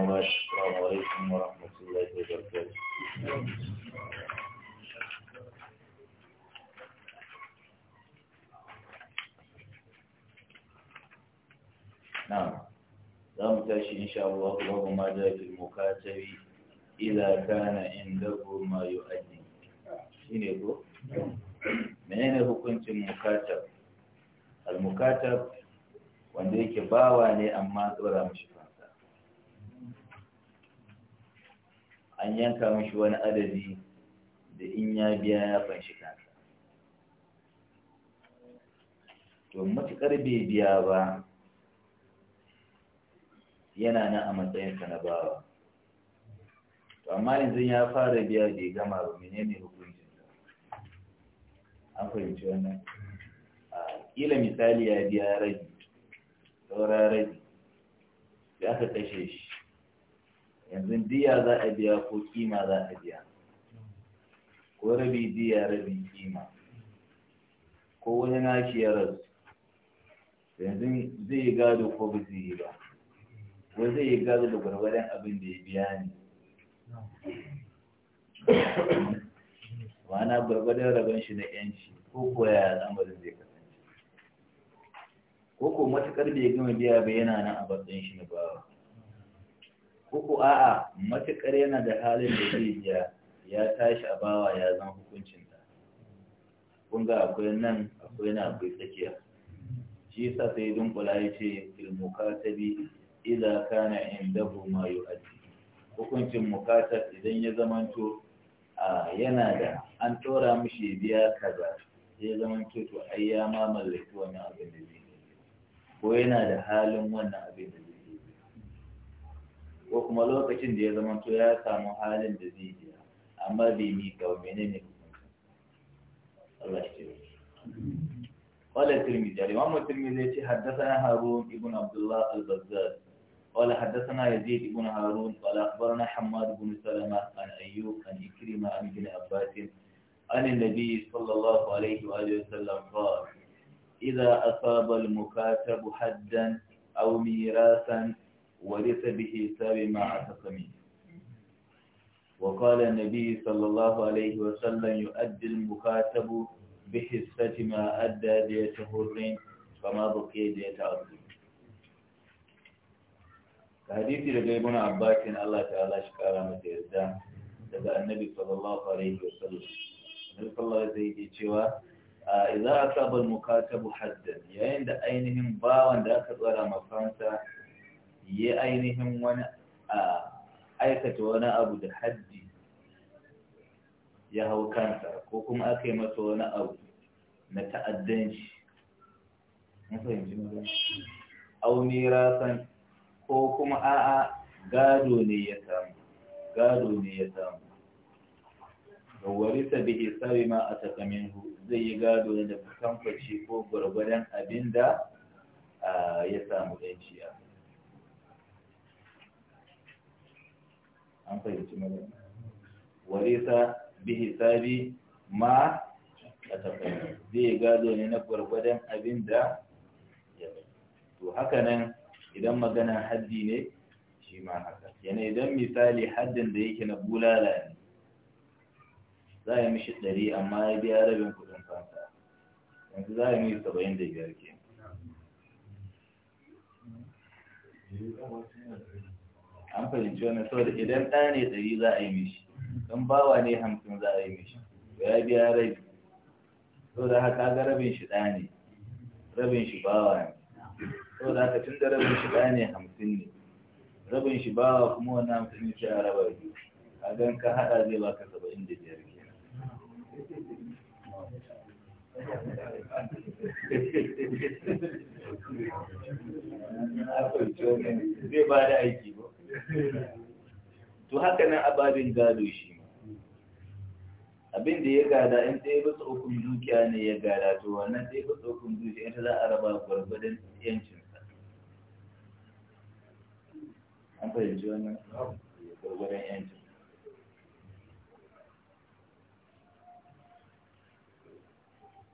السلام عليكم ورحمة الله وبركاته نعم لم تشي إن شاء الله وهو ما جاء في المكاتب إذا كان عنده ما يؤدي شنو هو؟ menene hukuncin mukatab al-mukatab wanda an yanka mishi wani adadi da in ya biya ya fanshi kansa to matuƙar bai biya ba yana nan a matsayinsa na bawa to amma yanzu ya fara biya bai gama ba menene hukuncin an fahimci wannan a kila misali ya biya rabi saura rabi da aka kashe shi yanzu diya za a biya ko kima za a biya ko rabi diya rabi kima ko wani nashi ya rasu yanzu zai yi gado ko ba zai yi ba ko zai yi gado da gwargwadon abin da ya biya ne ma'ana gwargwadon rabon shi na yanci ko ko ya lamarin zai kasance ko ko da bai gama biya ba yana nan a matsayin shi na bawa uku a'a matuƙar yana da halin da zai biya ya tashi a bawa ya zan hukuncin ta kun ga akwai nan akwai na akwai tsakiya shi yasa sai dunkula ya ce fil mukatabi idza kana indahu ma yu'addi hukuncin mukatab idan ya zamanto yana da an tora mishi biya kaza ya zama to ai ya ma mallaki wannan abin da zai ko yana da halin wannan abin da zai ko kuma lokacin da ya zama to ya samu halin da zai biya amma bai mi ga menene Allah قال الترمذي الترمذي حدثنا هارون ابن عبد الله البزار قال حدثنا يزيد بن هارون قال أخبرنا حماد بن سلمة عن أيوب عن إكرمة عن ابن عباس عن النبي صلى الله عليه وآله وسلم قال إذا أصاب المكاتب حدا أو ميراثا ورث بحساب ما عتق وقال النبي صلى الله عليه وسلم يؤدي المكاتب بحصة ما أدى ديت هرين فما بقي ديت أرضين كهديث لقيمنا عباك الله تعالى شكرا متعزا لقى النبي صلى الله عليه وسلم النبي صلى الله عليه آه، وسلم إذا أصاب المكاتب حدا يعني عند أينهم باوان داخل ولا مفانسة ya ainihin wani a aikata wani abu da haddi ya hau kansa ko kuma aka yi masa wani abu na ta'addanci auni rasan ko kuma a'a gado ne ya samu gado ne ya samu warisa bihi sabi ma a takaminhu zai yi gado da kamfaci ko gwargwadon abin da ya samu ɗanciya. an fahimci magana walisa bi hisabi ma a tafai zai gado ne na gwargwadon abin da ya to haka nan idan magana haddi ne shi ma haka yana idan misali haddin da yake na bulala ne za a mishi ɗari amma ya biya rabin kudin fanta yanzu za a yi mishi saba'in da biyar ke an fahimci wannan saboda idan ɗa ne ɗari za a yi mishi don bawa ne hamsin za a yi mishi ya biya rabi da haka ga rabin shi ɗa ne rabin shi bawa ne da haka tun da rabin shi ɗa ne hamsin ne rabin shi bawa kuma wani hamsin ne sai a raba biyu gan ka haɗa zai baka saba'in da biyar kenan zai ba da aiki to haka nan ababin gado shi abin da ya gada in ɗaya bisa ukun dukiya ne ya gada to wannan ɗaya bisa ukun dukiya ita za a raba gwargwadon yancinsa an fahimci wannan gwargwadon yancin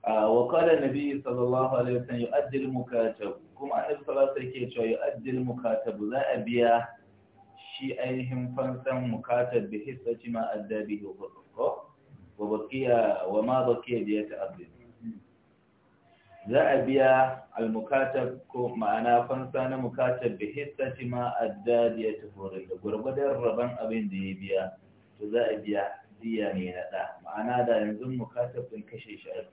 وقال النبي صلى الله عليه وسلم يؤدي المكاتب كما أنه صلى الله عليه وسلم يؤدي المكاتب لا أبيه shi ainihin fansan mukatar bi shi ma addabi ko wa baqiya wa ma da ya ta'addud za a biya al-mukatab ko ma'ana fansa na mukatab bi shi ma addabi ya tafarin da gwargwadar rabon abin da ya biya to za a biya diya ne na da ma'ana da yanzu mukatab din kashe shi a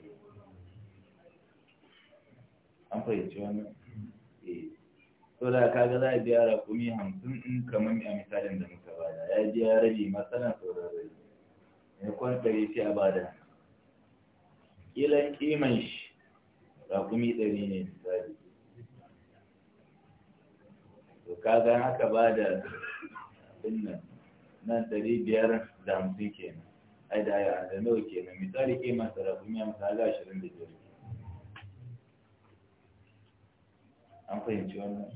an fahimci so da kaga za a biya rakumi hamsin in kamar a misalin da muka bada ya biya rabi masana sauran rabi ne kwan ɗari ce a bada ƙilan ƙiman shi rakumi ɗari ne misali to kaga haka bada abin nan nan ɗari biyar da hamsin kenan ai da ya da nawa kenan misali ƙiman sa rakumi a misali ashirin da biyar an fahimci wannan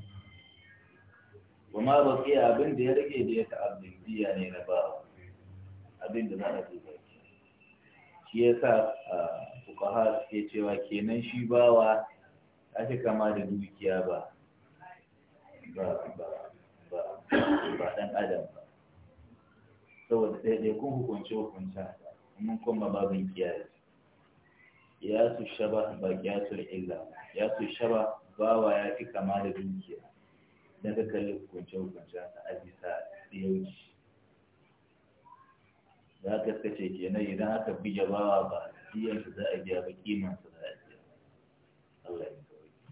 wa ma baki abin da ya rage da ya ta'abbin biya ne na ba abin da za a ce baki shi yasa fuqaha suke cewa kenan shi bawa ake kama da dukiya ba ba ba ba ba dan adam ba saboda ɗaiɗaikun hukunce hukunta mun kuma babin kiyaye ya su shaba ba ya su illa ya su shaba bawa ya fi kama da dukiya na ga kalli hukunce-hukunce a bisa yauci da aka suka ce kenan idan aka bige bawa ba biyan shi za a biya ba kiman su za a biya Allah ya kawai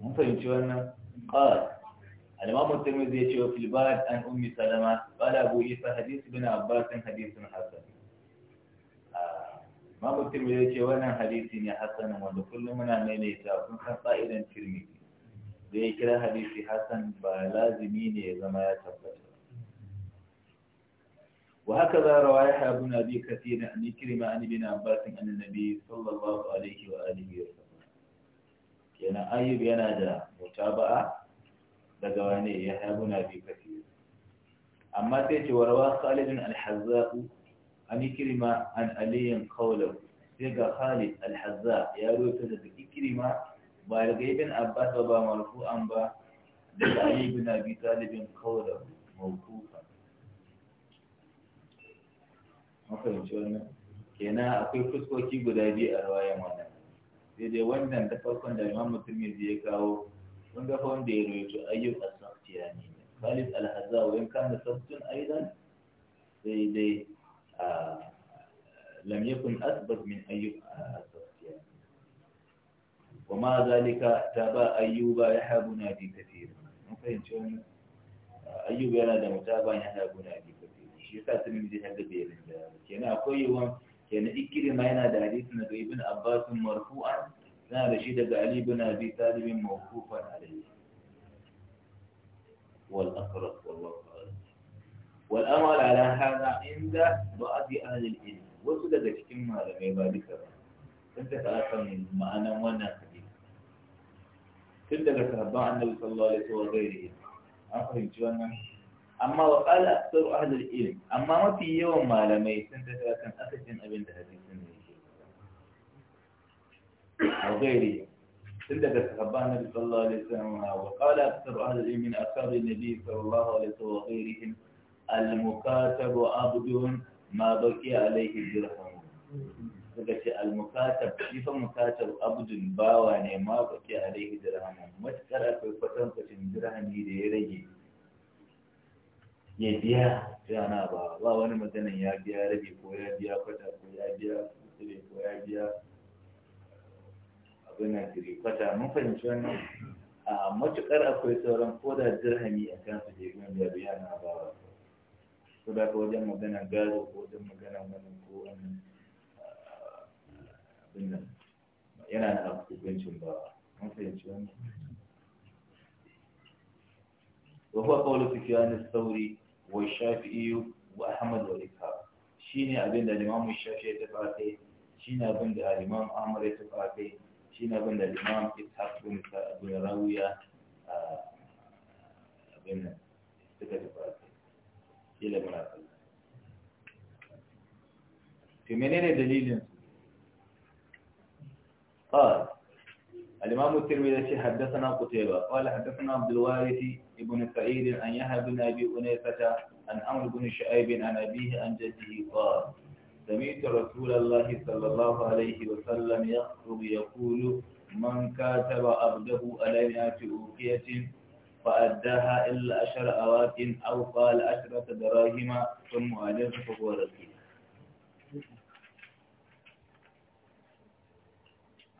mun fahimci wannan qala al-imam at-tirmidhi ya ce wa fil ba'd an ummi salama qala abu isa hadith ibn abbas hadithun hasan imamu tirmidhi ya ce wannan hadisi ne wanda kullum muna maimaita kun san fa'idan tirmidhi da ya kira hadisi Hassan ba lazimi ne ya zama ya tabbata وهكذا na يحيى بن ابي كثير عن كلمة عن ابن عباس عن النبي صلى الله عليه واله وسلم ayyub yana da mutaba'a. daga wani ya haibu na bi kafi amma sai ce warwa khalidin alhazza'u أمي كلمة عن أليم قوله سيقى خالد الحزاء يا روي فزدك كلمة بارغي بن أباس وبا مرفوع أمبا لعلي بن أبي طالب قوله موقوفا مثلا شوالنا كنا أقول فسكو كي قدادي أرواية مانا سيدي وندن تفاقن دا إمام الترميزي يكاو وندفون دي روي تو أيوب السقطياني خالد الحزاء وإن كان سبت أيضا آه، لم يكن أسبب من يعني. أيوب السختياني ومع ذلك تابع أيوب يحب نادي كثير ممكن شون أيوب يلا دم متابع يحب نادي كثير شيء كاتم زي هذا بيرن ده كنا يعني أقوي يوم كنا يعني إكل ما ينادى حديثنا ابن أباس مرفوعا نا رشيد علي بن أبي طالب موقوفا عليه والأقرب والله والأمر على هذا عند بعض أهل العلم وسد ذلك ما لم يبالك أنت فأصل من ما أنا وانا حديث كنت ذكر النبي صلى الله عليه وغيره أخرج جوانا أما وقال أكثر أهل العلم أما ما في يوم ما لم يسند فأصل أخذ أبن هذه السنة وغيره سند ذكر النبي صلى الله عليه وسلم وقال أكثر أهل العلم من اكثر النبي صلى الله عليه وسلم وغيرهم al-mukatabu abdun ma baki alaihi dirham daga ce al-mukatab shi fa mukatab abdun bawa ne ma baki alaihi dirham matakar akwai kwatan kwacin dirhami da ya rage ya biya rana ba ba wani maganin ya biya rabi ko ya biya kwata ko ya biya kusure ko ya biya abin na tiri kwata mun fahimci wannan a matukar akwai sauran ko da dirhami a kansu da ya biya biya na ba ko da ka wajen magana gado ko wajen magana wani ko wani abin nan yana da وهو قول سفيان الثوري والشافعي وأحمد والإسحاق شيني أبن الإمام الشافعي تفعله شيني أبن الإمام أحمد تفعله شيني أبن الإمام إسحاق بن راوية أبن تفعله ilimin Allah. Fi menene dalilin su? Alimamun Tirmidhi ce haddasa na kutuwa, wala haddasa na Abdulwarisi ibn Sa'idin an yi haɗu na biyu wani fata an amur gunin sha'aibin a nabihi an jaji ba. سمعت رسول الله صلى الله عليه وسلم يخطب يقول من كاتب عبده على نهاية أوكية فأداها إلا عشر أوات أو قال عشرة دراهم ثم أجاز فهو رقيق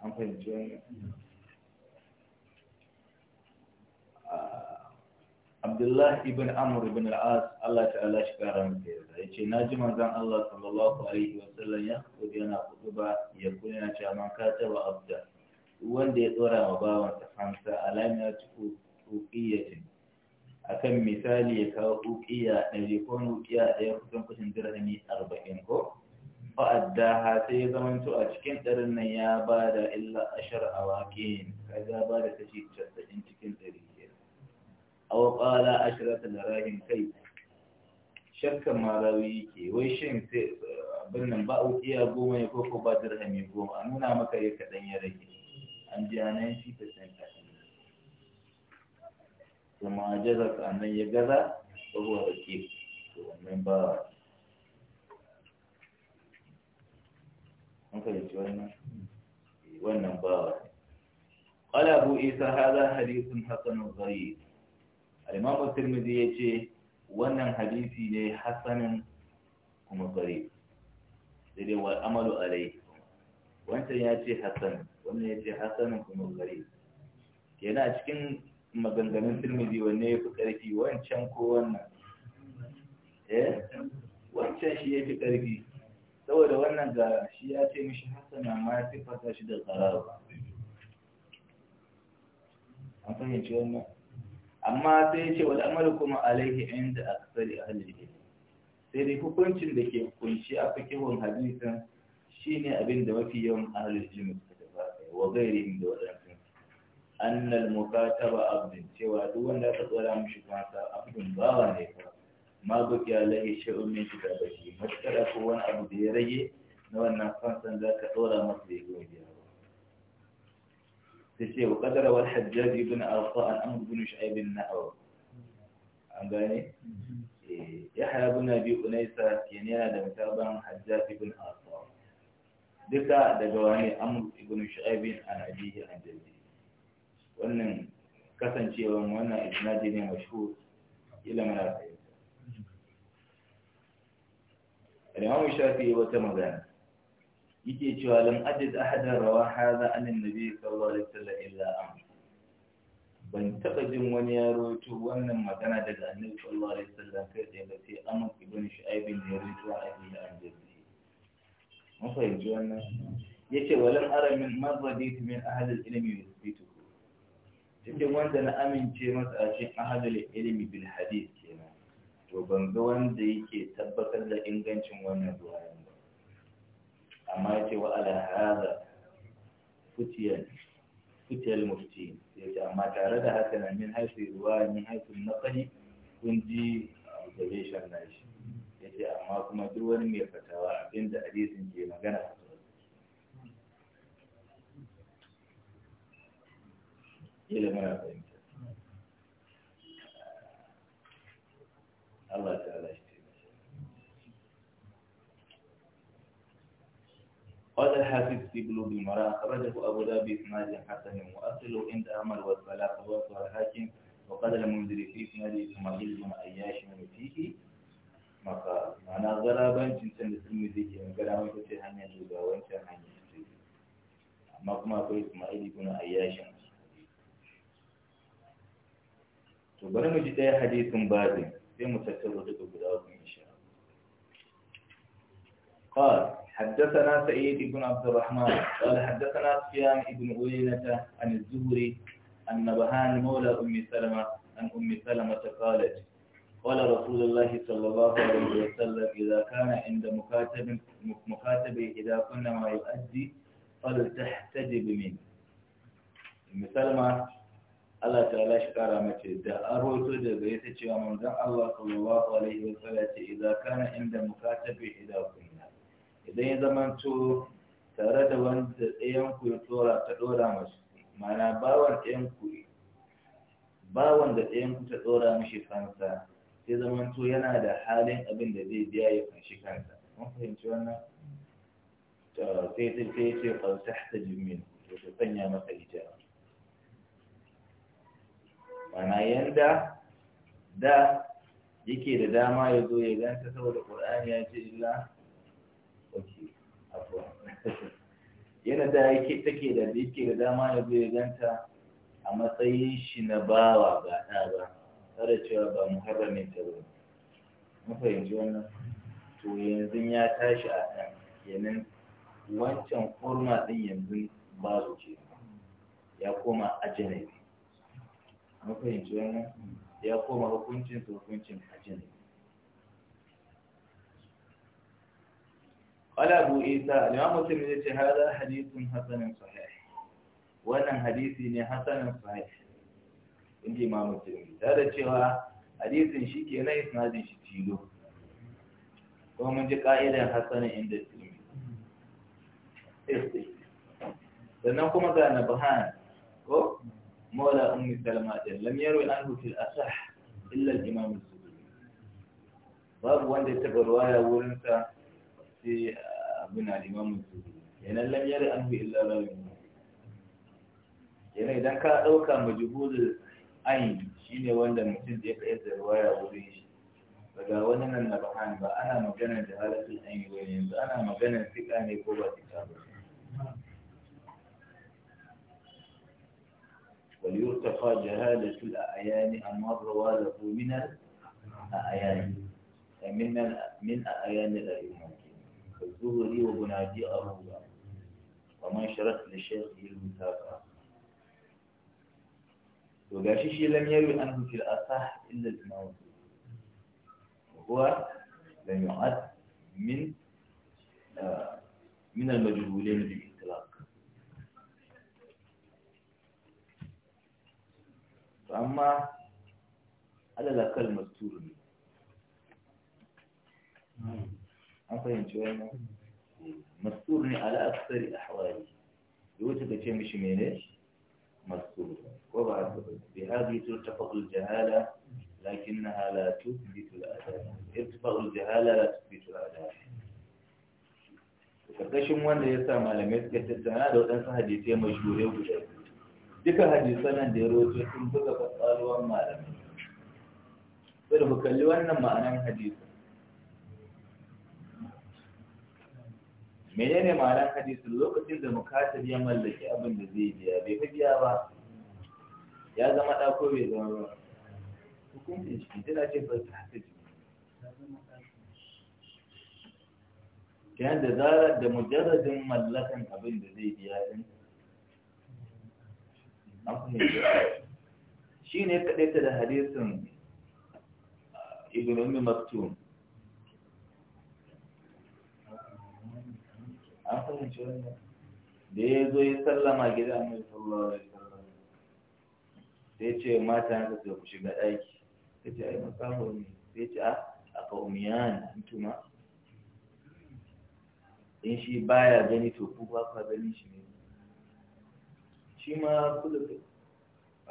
an fahimci wani abdullahi ibn amur ibn allah ta'ala shi kara ya ce na ji manzan allah sallallahu alaihi wasallam ya kudu yana kudu ba ya kudu yana cewa man kata abda wanda ya tsora wa bawansa fansa alamiya ciku a akan misali ya kawo uqiya ɗari ko uqiya ɗaya kusan kusan dirhami arba'in ko ha sai ya zamanto a cikin ɗarin nan ya ba da illa ashar awakin kaga ba da kashi casa'in cikin ɗari kenan aw qala da darahin kai shakka marawi yake wai shin sai abin nan ba ukiya goma ne ko ko ba dirhami goma a nuna maka ya kaɗan ya rage an ji anan shi ta san kuma jaza sannan ya gaza saboda ke wannan ba an fahimci wannan eh, wannan ba قال أبو إيسى هذا حديث حسن غريب الإمام الترمذي يجي wannan hadisi ne hasanin kuma gari daidai wani amalu alai wancan ya ce hasan wannan ya ce hasanin kuma gari yana cikin maganganun turmizi wanne ya fi ƙarfi wancan ko wannan eh wancan shi ya fi ƙarfi saboda wannan ga shi ya ce mishi hassan ma ya fata shi da tsararwa an fahimci wannan amma sai ya ce wani kuma alaihi aka tsari a halittu sai dai hukuncin da ke kunshi a fikihun shi shine abin da mafi yawan ahalil ilmi suka tafi wa gairi da waɗanda annal mukataba abdin cewa duk wanda aka tsora mishi kansa abdin bawa ne fa ma buki alaihi shay'un min baki maskara ko wani abu da ya rage na wannan kansan za ka tsora masa ya gobe ta ce wa kadara wal hajjaji ibn arfa an amr ibn shu'aib bin nahwa an gane eh, ya haya ibn abi unaysa kenan yana da mutaban hajjaj ibn arfa duka daga wani amr ibn shu'aib an abihi an jaddi wannan kasancewa wannan isnadi ne mashhur ila mana fahimta al-imam shafi'i wata magana yake cewa lam ajid ahadan rawa hadha an annabi sallallahu alaihi wasallam illa am ban taba jin wani ya rawaito wannan magana daga annabi sallallahu alaihi wasallam kai tsaye ba sai amr ibn shu'aib ne ya rawaito a ibn al-jazzi mun fahimci wannan yace walam ara min marradit min ahli al-ilmi cikin wanda na amince masa a cikin ahadul ilmi bil hadith kenan to ban ga wanda yake tabbatar da ingancin wannan ruwayan ba amma yace wa ala hada futiyan mufti yace amma tare da haka na min haifi ruwa min haifi naqli kun ji observation na shi yace amma kuma duk wani mai fatawa abinda hadisin ke magana إلى ما يقيمك الله تعالى قال الحافظ في قلوب المراء أخرجه أبو دابي إسماعيل حسن مؤصله عند أمر والصلاة وصل الحاكم وقال المنذر في إسناد ثم جلد أياش من فيه مقال معنى غرابا جنسا لتلمذيك يعني من كلام فتحان يجوبا وانتحان يجوبا مقما قلت إسماعيل بن أياش من وبنا مجد أي حديث ɗaya في babin sai mu tattaro duka guda uku قال حدثنا سعيد بن عبد الرحمن قال حدثنا سفيان بن عيينة عن الزهري أن نبهان مولى أم سلمة أن أم سلمة قالت قال رسول الله صلى الله عليه وسلم إذا كان عند مكاتب مكاتب إذا كنا ما يؤدي فلتحتجب منه أم سلمة Allah ta'ala shi kara mace da an rawaito daga ita cewa manzan Allah sallallahu alaihi wa sallam ce idan kana inda mukatabi idan kunna idan ya zamanto tare da wanda ɗayan ku ya tsora ta ɗora masu mana bawan ɗayan ku bawan da ɗayan ku ta tsora mishi fansa sai zamanto yana da halin abin da zai biya ya fanshi kansa mun fahimci wannan sai sai sai ce falsafta jimin to sanya masa hijaba Wana yanda da yake da dama ya zo ya ganta saboda ƙur'ani ya ce illa ok afuwa yana da yake take da yake da dama ya zo ya ganta a matsayin shi na bawa ba ɗa ba tare cewa ba muharramin ta ba mun fahimci wannan to yanzu ya tashi a nan, yanin wancan kurma ɗin yanzu su ce ya koma ajanabi mun fahimci wannan eh? ya koma hukuncin su hukuncin hajjin Ala Abu Isa, Imam mutum ya ce hada hadisin Hassanin sahih. Wannan hadisi ne Hassanin sahih. Inda Imam Muslim ta da cewa hadisin shi ke nan isnadin shi tilo. Kuma mun ji ka'idan Hassanin inda Tirmidhi. Sannan kuma ga Nabhan, ko مولى أم السلمة لم يروي عنه في الأصح إلا الإمام السبيل باب وانت يتبع رواية ورنسة في أبنى الإمام السبيل يعني لم يروي عنه إلا رواية yanayi don ka ɗauka majibudin ayin shi ne wanda mutum da ya fi waya ruwaya wuri shi daga wani nan na ba ana maganar da halittar ayin wani yanzu ana maganar fika ne ko ba fika ba وليرتقى جهالة الأعيان أن مروا له من الأعيان من من أعيان الأئمة الزهري وبنادي أروى وما شرط لشيخه المتابعة وقاشيشي لم يروي عنه في الأصح إلا الموت وهو لم يعد من آه من المجهولين به amma alala kalmar turu ne an fahimci wannan mastur ne ala aksari ahwali da wuce ka ce mishi mene mastur ko ba haka ba bi hadi turtafaq al jahala lakinnaha la tuthbit al adab irtifaq al jahala la tuthbit al adab karkashin wanda ya sa malamai suka tattauna da waɗansu hadisai mashhurai guda biyu duka hadisan nan da ya roce sun buga kwakwalwar malamai sai da kalli wannan ma'anan hadisin menene ma'anan hadisin lokacin da mukatar ya mallaki abin da zai biya bai fi biya ba ya zama ɗako bai zama ba hukuncin shi tana ce ba ta haka kenan da zarar da mujarradin mallakan abin da zai biya din an shi ne kaɗaita da hadisin uh, ibn ummi maktum an fahimci wannan da ya zo ya sallama gida mai sallallahu alaihi wasallam sai ce mata na tafiya ku shiga ɗaki ta ce ai makaho ne sai ce a ah, aka umiyan antuma ah. in shi baya gani to ku ba ka gani shi ne shi ma da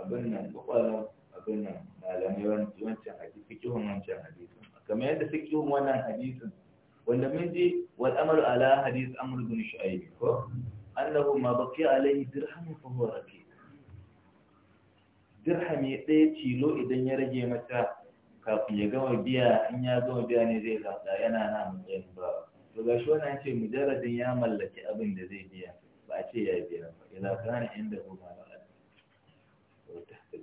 abin nan kwakwalon abin nan malamai wancan hadisi fikihun wancan hadisi kamar yadda fikihun wannan hadisin wanda mun ji wal amru ala hadis amru bin shu'aib ko annahu ma baqi alayhi dirham fa huwa dirham ya ɗaya tilo idan ya rage mata kafin ya gama biya in ya gama biya ne zai zaɓa yana nan mutum ba to gashi wannan ce mujarradin ya mallaki abin da zai biya ba ce ya yi biya ba ina kana inda mu ba ba ko ta ce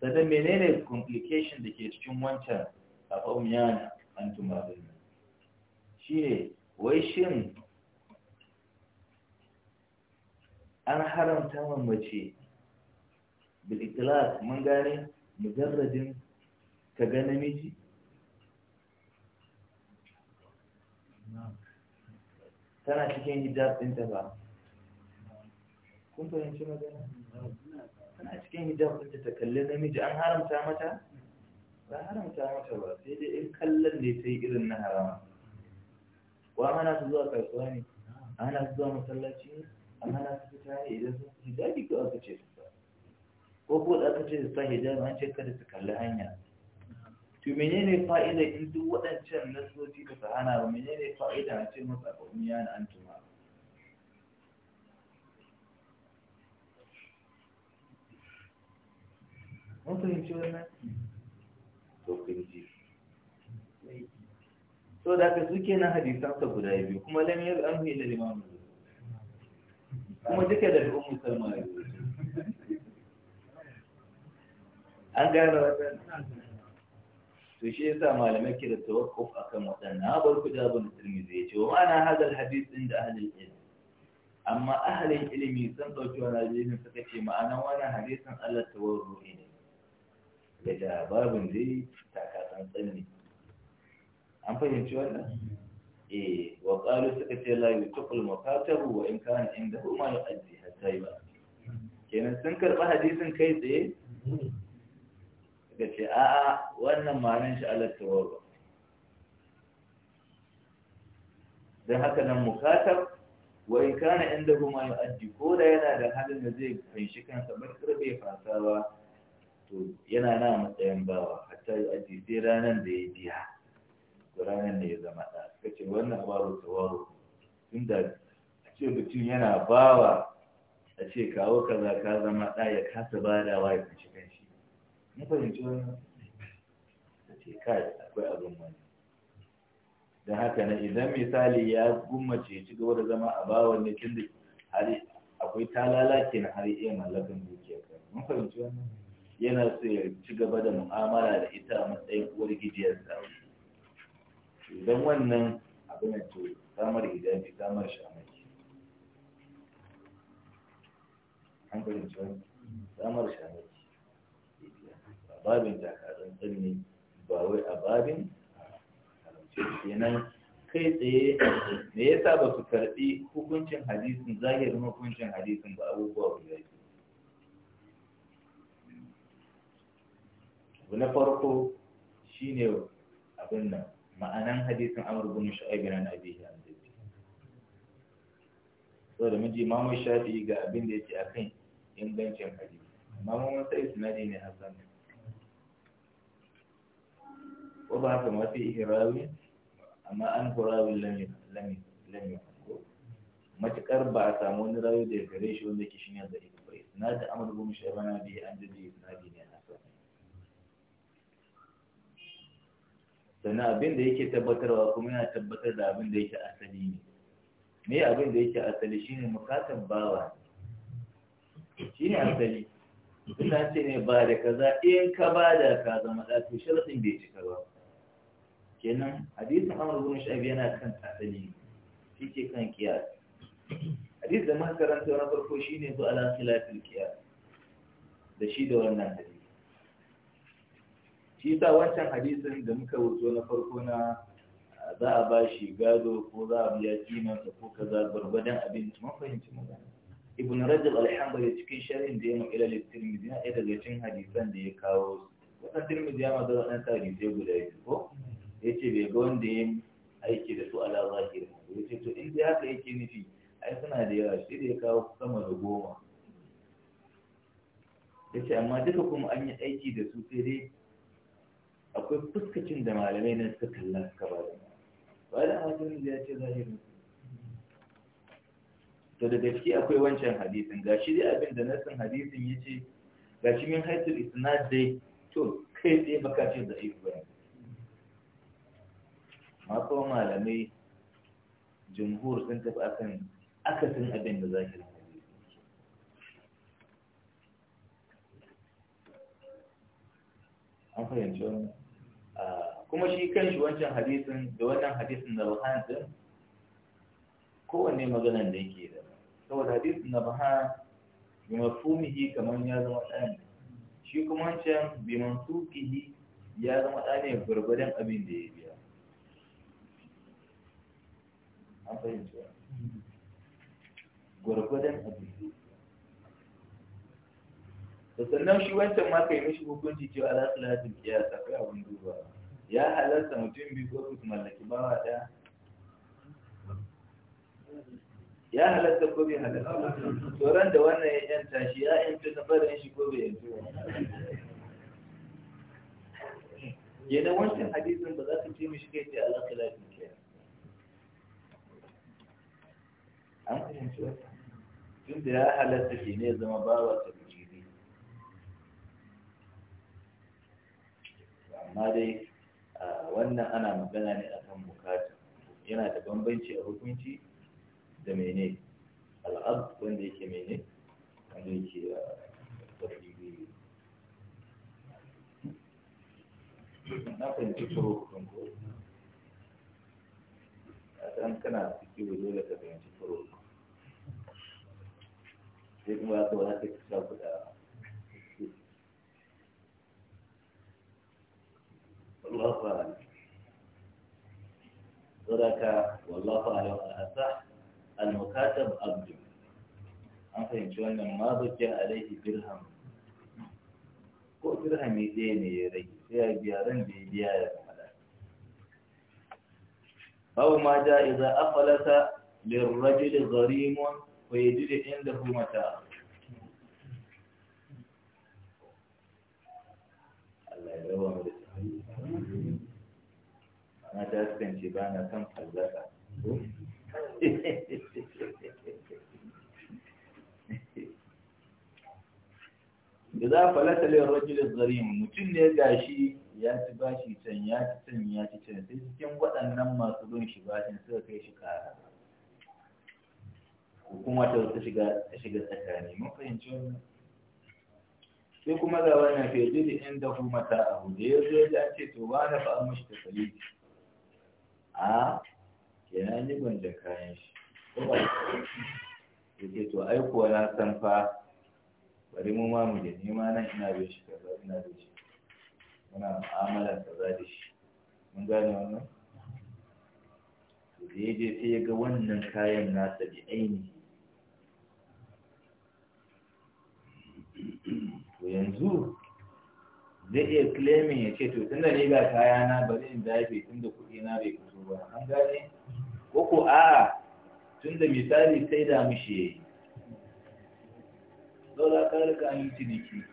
sannan menene complication da ke cikin wancan a fa'umiyana an tuma shi ne wai shin an haramta wa mace bil mun gane mujarradin ka ga namiji tana cikin hijab ɗinta ba kun fahimci magana tana cikin hijab ɗinta ta kalli namiji an haramta mata ba haramta mata ba sai dai in kallon ne ta yi irin na harama wa hana su zuwa kasuwa ne Ana hana su zuwa masallaci ne a hana su fita ne idan sun hijabi ko aka ce su ko ko da aka ce su sa hijabi an ce kada su kalli hanya to menene fa'ida in duk waɗancan nasoci ba su hana ba menene fa'ida a ce masu akwai yana an tuma mun fahimci wannan to kunji so da ka suke na hadisansa guda biyu kuma lam yar an hila limamu kuma duka da ummu salma an gane wannan to shi yasa malamai ke da tawakkuf akan waɗannan abar ku da abin tirmidhi ya ce wa ma'ana hadal hadith din da ahlul ilm amma ahli ilmi sun dauki wani hadisin suka ce ma'ana wannan hadisin Allah tawarruhi ne daga babin dai san tsanni an fahimci wannan eh wa qalu suka ce la yutqul mafatahu wa in kana indahu ma yu'addi hatta yu'addi kenan sun karba hadisin kai tsaye suka ce a'a wannan ma'anin shi alattawar ba don haka nan mukatab wa in kana inda kuma yi addi ko da yana da halin da zai kanshi kansa matukar bai fasa ba to yana na matsayin bawa hatta yi addi sai ranar da ya biya to ranar da ya zama ɗa suka ce wannan baro tawaro inda a ce mutum yana bawa a ce kawo kaza ka zama ɗa ya kasa badawa ya fanshi kanshi na fahimci da ce kai akwai abin wani don haka na idan misali ya gummace ce ci gaba da zama a bawon ne tun da hari akwai ta ke na hari iya mallakan dukiyar kai mun fahimci wannan yana so ya ci gaba da mu'amala da ita a matsayin uwar sa idan wannan abin da ke samar hijabi samar shamaki an fahimci wannan samar shamaki babin takarar ne ba wai a babin kenan kai tsaye me yasa ba su karbi hukuncin hadisin zahirin hukuncin hadisin ba abubuwa guda biyu na farko shi ne abin nan ma'anan hadisin amr bin shu'aib na abi an dabi so da miji mamun shafi ga abin da ya a kan ingancin hadisi amma sai sinadi ne zamani. وبعث ما فيه راوي أما أنه راوي لم لم لم يفهم matukar ba a samu wani rayu da gare shi wanda ke shine da ita bai na da amur gumu shi bana bi an jaji isnadi ne na sa sannan abin da yake tabbatarwa kuma yana tabbatar da abin da yake asali ne me abin da yake asali shine mukatan bawa shine asali tunda ce ne ba da kaza in ka ba da ka zama da to sharafin bai cika ba kenan hadisin amur gudun sha'ib yana kan asali shi ke kan kiyar hadis da masu karanta na farko ne zu ala khilafil kiyar da shi da wannan hadisi shi sa wancan hadisin da muka wuce na farko na za a ba shi gado ko za a biya kimansa ko kaza gwargwadon abinci mun fahimci mu ibn rajab alhamdulillah cikin sharhin da ya mu ila tirmidhi na daga cikin hadisan da ya kawo wannan tirmidhi ya ma da wannan hadisi guda biyu ko ya ce bai ga wanda ya aiki da su ala zahiri ya ce to in dai haka yake nufi ai suna da yawa shi da ya kawo sama da goma ya ce amma duka kuma an yi aiki da su sai dai akwai fuskacin da malamai na suka kalla suka ba da ba da hajjin da ya ce zahirin to da gaske akwai wancan hadisin ga shi dai abin da nasin hadisin ya ce ga shi min haitul isnad dai to kai tsaye baka ce da ifu ba masu malamai jumhur sun tafi akan akasin abin da zahirin an fahimci kuma shi kan shi wancan hadisin da wannan hadisin na ruhan din kowanne maganan da yake da saboda hadisin na baha bi mafumihi kamar ya zama ɗan shi kuma wancan bi mansukihi ya zama ɗan ne gwargwadon abin da ya yi an fahimci gwargwadon abin da sannan shi wancan ma kai mishi hukunci cewa ala salatin kiyas akwai abin duba ya halarta mutum biyu ko su mallaki wa ɗaya ya halatta ko bai halarta tsoron da wannan ya yanta shi ya yanta na barin shi ko bai yanta yana wancan hadisin ba za ka ce mishi kai ce alaƙa lafi an fahimci wata tun da ya halatta shi ne zama bawa ta bujiri amma dai wannan ana magana ne akan bukata yana da bambanci a hukunci da mene al'ad wanda yake mene wanda yake bujiri na fahimci turu hukunku a kana cikin dole ka fahimci turu sai kuma ya kawo na sai ta shafu da Allah fara saboda wallahu ala wa asah al-mukatab abdu an fahimci wannan ma zuke alaihi dirham ko dirhami ɗaya ne ya rage sai ya biya ran da ya biya ya أو ما جاء إذا أفلت للرجل غريم ويجد عنده متاع الله يدوم أنا كم إذا فلت للرجل mutum ne gashi ya ci bashi can ya ci can ya ci sai cikin waɗannan masu bin shi bashin suka kai shi ƙara kuma ta wata shiga ta shiga tsakani mun fahimci wannan sai kuma ga wannan feji da inda ku mata abu da ya zo da ce to ba na fa'a mashi ta fali a kenan ban da kayan shi ya ce to ai kuwa na san fa bari mu ma mu je ni ma nan ina da shi kaza ina da shi muna mu'amala kaza da shi mun gane wannan to da ya je sai ya ga wannan kayan nasa da ainihi yanzu zai iya claiming ya ce to tun da ni ga kaya na ba zai dafe tun da kuɗi na bai fito ba an gane ko ko a Tunda misali sai da ya yi. dole ka rika an yi ciniki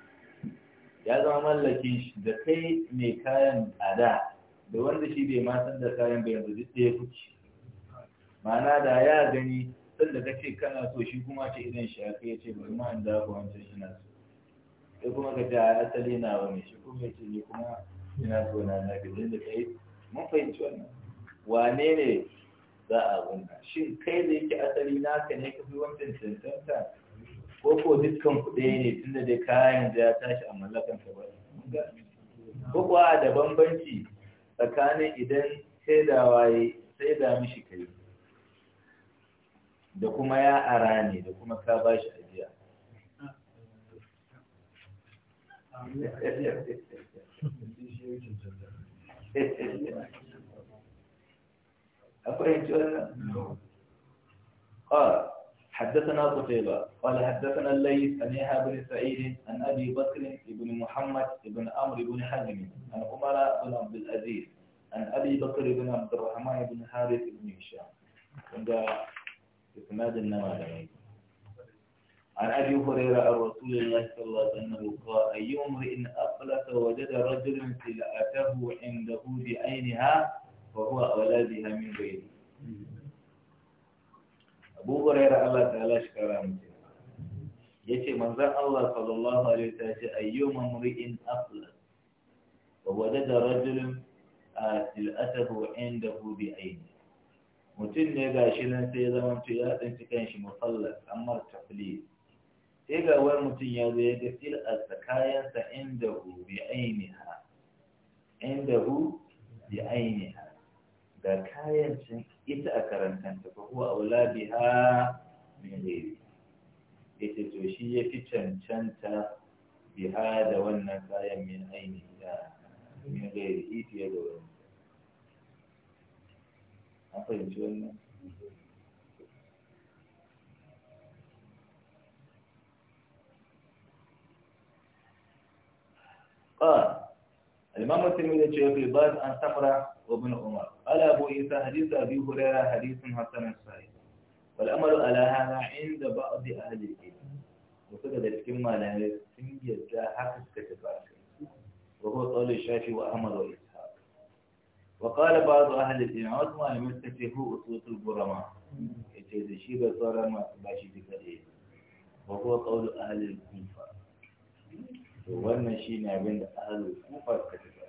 ya zama mallaki shi da kai mai kayan a da da wanda shi bai ma da kayan bai yanzu zai ya kuci ma'ana da ya gani sanda kace kana so shi kuma ce idan shi aka ya ce bari ma in wancan shi na so sai kuma ka ta asali na mai shi kuma ce kuma ina so na na da kai mun fahimci wannan wane ne za a shin kai da yake asali naka ne ka fi wancan cancanta ko ko dukkan ku ɗaya ne tunda dai kayan da ya tashi a mallakan ka ba ko kuwa da bambanci tsakanin idan da waye sai da mishi kai da kuma ya ara ne da kuma ka bashi قال حدثنا قتيبة قال حدثنا الليث أن يهاب بن سعيد أن أبي بكر بن محمد بن عمرو بن حزم أن عمر بن عبد العزيز أن أبي بكر بن عبد الرحمن بن حارث بن هشام عند إسناد النماذج عن أبي هريرة عن رسول الله صلى الله عليه وسلم قال أي امرئ أفلس وجد رجل سلعته عنده بعينها فهو أولى بها من غيره Abu Hurairah Allah ta'ala shi kara mutum yace manzon Allah sallallahu alaihi wasallam ce ayyuma mri'in afla wa wajada rajulun silatahu aini mutum ne gashi nan sai ya zama ya tsinci kanshi musallas amma tafli sai ga wani mutum ya zo ya ga a tsakayensa inda hu bi ainiha inda hu bi ainiha da kayan cin ita a karantanta ko kuwa aula biha min gairi ita to shi ya fi cancanta biha da wannan kayan min ainiha min gairi ita ya ga wani an fahimci wannan قال الإمام الترمذي يقول في باب عن سمرة وابن عمر قال أبو عيسى حديث أبي هريرة حديث حسن صحيح والأمر على هذا عند بعض أهل العلم وكذا ذلك ما لا يسمى حق كتباك وهو قول الشافعي وأحمد وإسحاق وقال بعض أهل العلم عظمى لم يستفيه أصوات البرماء يتيز شيبة صار ما باشي بكريه وهو قول أهل الكوفة to wannan shi ne abin da ahalul kufa suka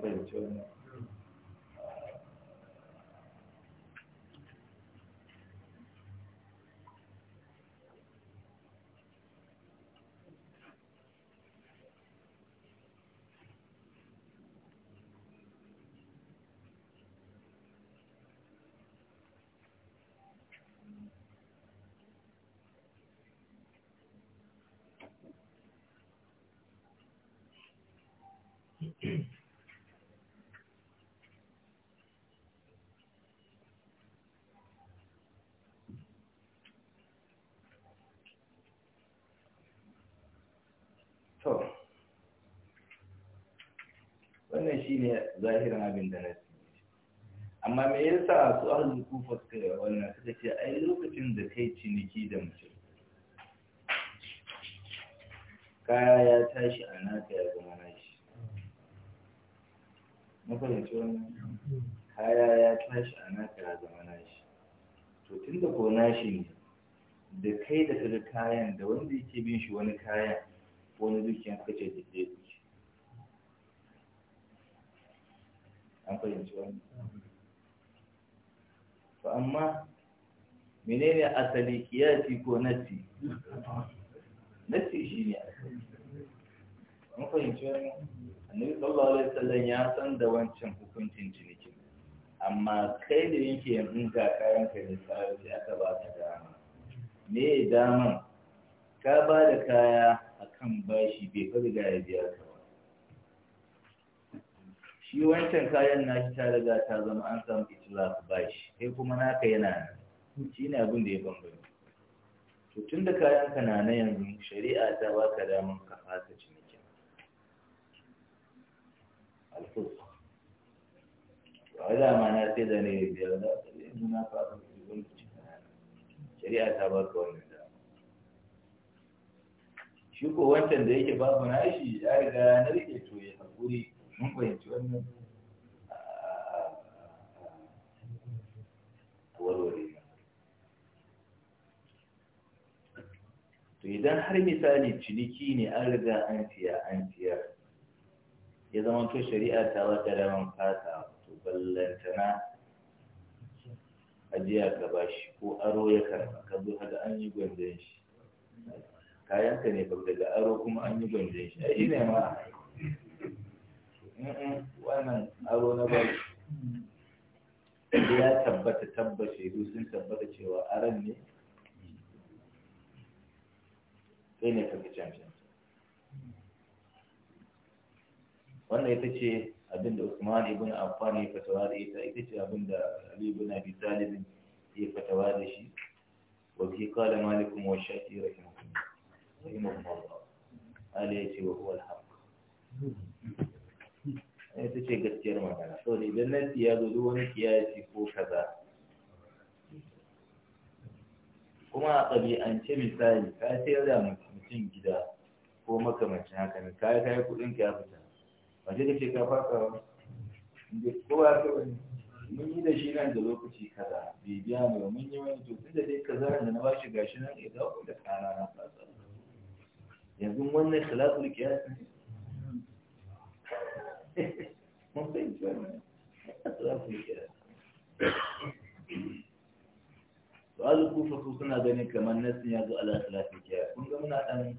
tafi an wannan shi ne zahirin abin da nasi amma me yasa su ahlul kufa suka wannan suka ce ai lokacin da kai ciniki da mutum kaya ya tashi a naka ya zama nashi mafahimci wannan kaya ya tashi a naka ya zama nashi to tun da ko nashi ne da kai da kaga kayan da wanda yake bin shi wani kayan wani dukiyan kace da ke an fahimci wani to amma menene asali kiyasi ko nasi nasi shi ne asali an fahimci wani annabi sallallahu alaihi wasallam ya san da wancan hukuncin ciniki amma kai da yake yanzu ga kayan ka da sai aka ba ka dama me dama ka ba da kaya akan bashi bai fa riga ya biya ka shi wancan kayan nashi ta riga ta zama an samu itilaf ba shi kai kuma naka yana nan shi ne abin da ya bambanta to tun da kayan ka na na yanzu shari'a ta baka daman ka fasa ciniki alfus ba da ma na sai da ne biyar da yanzu na fasa ciniki shari'a ta baka wannan dama shi ko wancan da yake babu na shi ya riga na rike to ya haƙuri mun fahimci wannan ah, warware to idan har misali ciniki ne an riga an siya an siyar ya zama to shari'a ta wata daman fata to ballantana ajiya ka bashi ko aro ya karba ka zo haka an yi gwanzon shi kayanka ne ba daga aro kuma an yi gwanzon shi a yi ne ma wannan aro na bai ya tabbata tabbata shaidu sun tabbata cewa aran ne kai ne ka fi cancanta wannan ita ce abinda Usman ibn amfani ya fatawa da ita ita ce abinda Ali ibn Abi Talib ya fatawa da shi wa fi qala Malik wa Shafi rahimahullah rahimahullah Ali ya ce wa huwa al ita ce gaskiyar magana so ne idan nan ya zo duk wani kiyasi ko kaza kuma a ɗabi'ance misali ka sayar da mutum gida ko makamancin haka ne ka kayi kuɗin ka fita waje da ka ce ka fasa ba ko ya ka wani mun yi da shi nan da lokaci kaza bai biya mu ba mun yi wani to tun da dai kaza da na bashi gashi nan ya dawo da kana na fasa yanzu wannan khilafin kiyasi mun fahimci wannan za ku yi kufa su suna ganin kamar nasin ya zo ala talatin kiya kun ga muna dan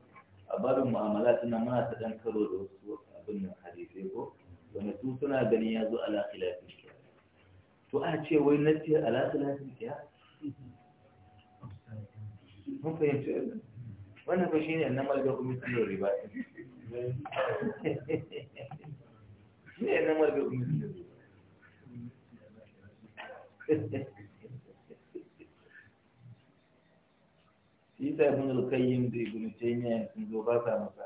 a babin mu'amala suna muna ta dan karo da wasu abin nan hadisai ko wanda su suna ganin ya zo ala talatin kiya to a ce wai nasi ala talatin kiya mun fahimci wannan wannan fa shine annamar da kuma tsiro riba ne na marbe umarni shi ta ibn al da zo ba masa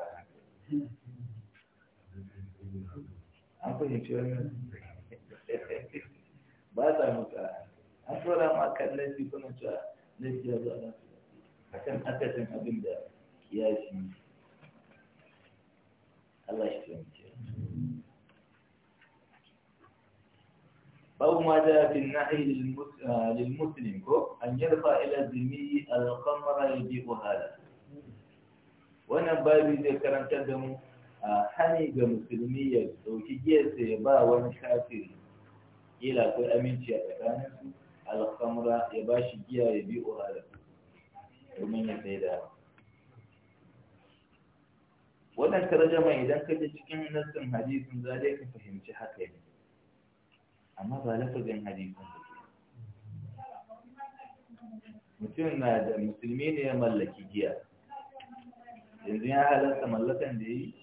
an fahimci ba masa an tura ma kan laifi cewa laifi ya zo a kan akasin abin da ya shi Allah shi أو ما جاء في النهي للمسلم أن يرفع إلى الذمي الخمر يجيبها له wannan babu zai karantar da mu a hani ga musulmi ya dauki giyarsa ya ba wani kafiri kila akwai aminci a tsakanin su alhamra ya ba shi giya ya bi ohala domin ya sai da wannan idan ka ji cikin nassin hadisin za ka fahimci haka amma ba lafazin hadisin mutum na da musulmi ne ya mallaki giya yanzu ya halatta mallakan da yi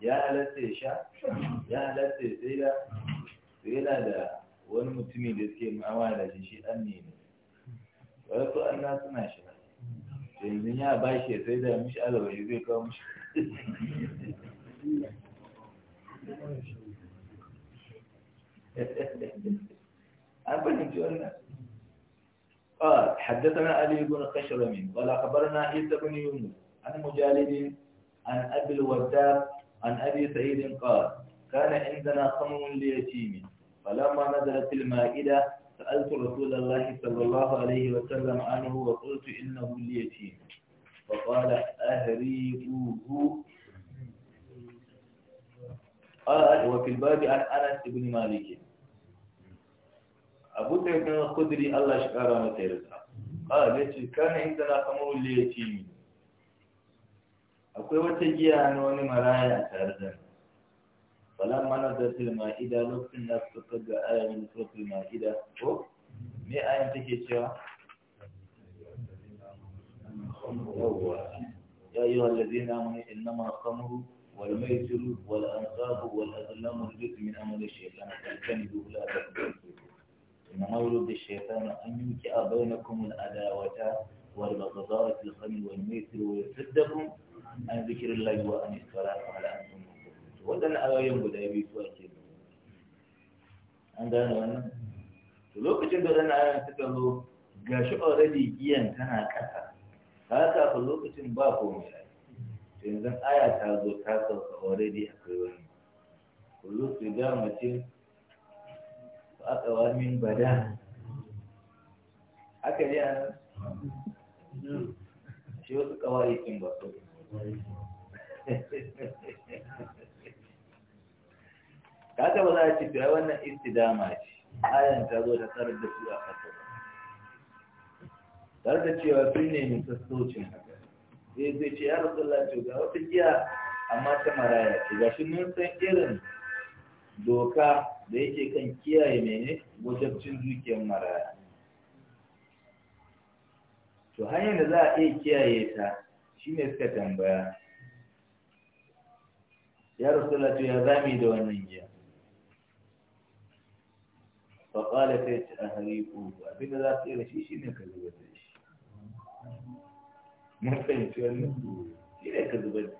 ya halatta ya sha ya halatta ya tsira tsira da wani mutumin da suke ma'amala da shi an ne ne wasu an na suna sha yanzu ya ba shi ya tsira mishi alawai zai kawo mishi عن كل ولا قال حدثنا علي بن خشرم قال أخبرنا عيسى بن يونس عن مجالد عن أبي الوداد عن أبي سعيد قال كان عندنا خمر ليتيم فلما نزلت المائدة سألت رسول الله صلى الله عليه وسلم عنه وقلت إنه ليتيم فقال أهريبوه قال وفي الباب عن أنس بن مالك abu da ya kudiri Allah shi kara mata yarda ƙala ne ce kana inda na kama wule ya ce mi akwai wata giya na wani maraya a tare da ni falan mana da filma ida lokacin da suka ga ayan da filma ida ko me ayan take cewa يا أيها الذين آمنوا إنما الخمر والميسر والأنصاب والأزلام رجس من أمر الشيطان فاجتنبوه لا تقبلوا مولد الشيطان أن ينكئ بينكم الأداوة والبغضاء في الخمر والميسر ويصدكم عن ذكر الله وأن الصلاة على أنتم waɗannan ayoyin guda biyu su ake an gane wannan to lokacin da waɗannan ayoyin suka zo ga shi already giyan tana ƙasa ta kafin lokacin ba komai ai aya ta zo ta sauka already akwai wani kullu su ga mace أقوى من بدان هكذا يعني شو القواعد من بطل Ta ba za a ce fiye wannan dama ce ayan ta zo ta tsarar da su a ƙasa tsarar da cewa fi ne mai sassaucin haka zai zai ce ya rasu lantarki ga wata giya amma ta maraya ce ga shi mun san irin doka da yake kan kiyaye mene wajabcin dukiyar maraya to hanyar da za a iya kiyaye ta shi ne suka tambaya ya rasulatu ya zami da wannan giya faƙala ta yace a hari abin da za su iya shi ne ka zubar da shi mun wannan shi ne ka zubar da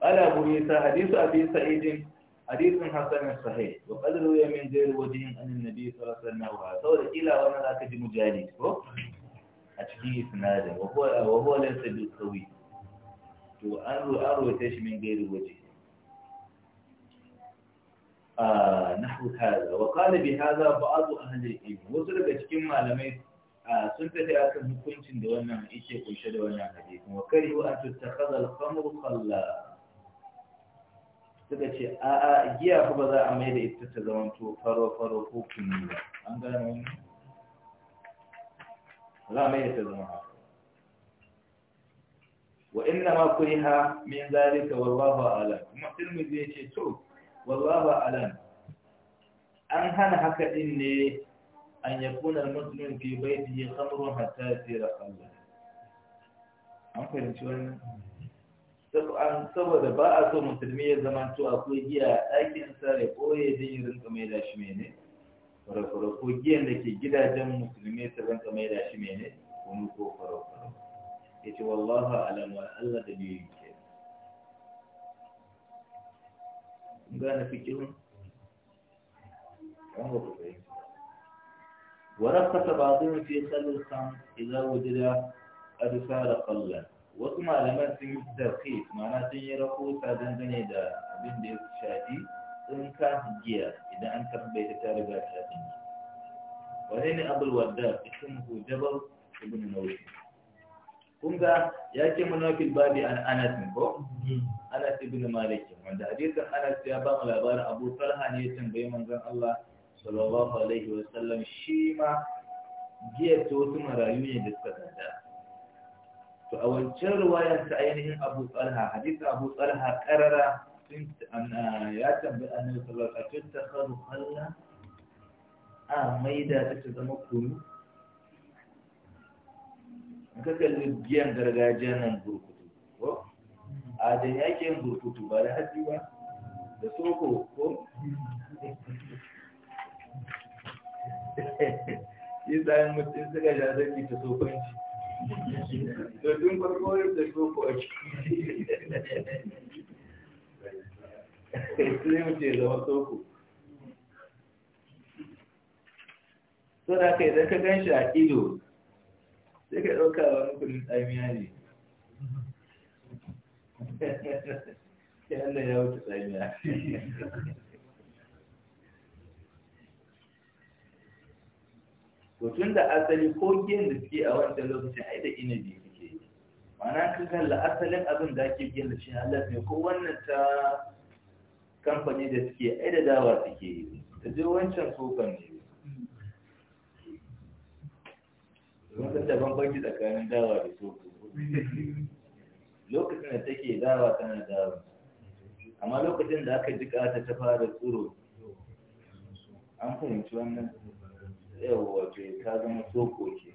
ala buri ta hadisu abin sa'idin حديث من حسن صحيح وقد روي من غير وجه ان النبي صلى الله عليه وسلم صور الى وانا لا تجد مجاهدين هو حديث نادر وهو وهو ليس بالقوي تو ارو اروي تش من غير وجه آه، نحو هذا وقال بهذا بعض اهل العلم وصلت cikin malamai sun tafi akan hukuncin da wannan yake kunshe da wannan hadisi wa karihu an tattakhadha al-khamru khallaa suka ce a a giya ba za a mai da ita ta zama to faro-faro ko kunu ba an gane wani za a mai da ta zama haka wa inna ma kuriha min zalika wallahu a'lam kuma zai ce to wallahu a'lam an hana haka din ne an yakuna al-muslim fi baytihi kamar hatta yasira Allah an fahimci wannan saboda ba a so musulmi ya zama to akwai giya a ɗakinsa ya ɓoye don ya rinka mai da shi mene fara-fara ko giyan da ke gidajen musulmi ta rinka mai da shi mene kuma ko fara-fara ya ce wallahu alam Allah da biyu ke gane fikirun an ga kusa yin ورخص بعضهم في خل الخمر إذا وجد أدسار قلًا wasu malaman sun yi zarfi mana sun yi rahota dangane da abin da ya shafi tsinka giya idan an tabbaita ta riga ta tsinka Wani ne abul wadda cikin hujjabar ibn nawawi kun ga ya ce munafil babi an anas ko anas ibn malik wanda hadisin anas ya ba mu labarin abu talha ne ya tambayi manzon Allah sallallahu alaihi wa sallam shi ma giya ta wasu marayu ne da suka gada to a wancan ruwayar ta ainihin abu tsalha hadisin abu tsalha karara ya tambayi annabi sallallahu alaihi wasallam ta a ta zama kunu ka kalli gargajiya nan burkutu ko a da yakin burkutu ba da haji ba da soko ko yi tsayin mutum suka ta domin farko yin da koko a ciki sai mace so da ka gan shi a ido sai ka ɗauka wani kudin tsamiya ne ya Allah ya wuce tsamiya to tun da asali ko giyan da suke a wancan lokacin ai da inabi suke yi ma'ana ka kalla asalin abin da ake giyan da shi Allah ne ko wannan ta kamfani da suke ai da dawa suke yi ta je wancan tsofan ne wata da bambanci tsakanin dawa da tsofan lokacin da take dawa tana dawa amma lokacin da aka jika ta ta fara tsoro an fahimci wannan yawa to ta zama soko ke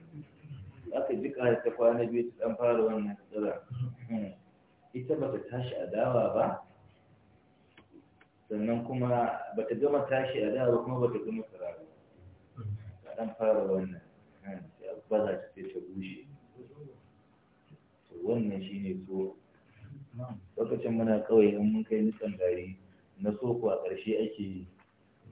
ka ji ƙarar ta kwana biyu ta ɗan fara wannan tsira hmm. ita ba ta tashi a dawa ba sannan kuma ba ta gama tashi a adawa kuma ba ta gama tsira ba ta dan fara wannan hmm. ba za ta sai ta bushe wannan shi shine so lokacin muna kawai in mun kai nisan gari na soko a ƙarshe ake yi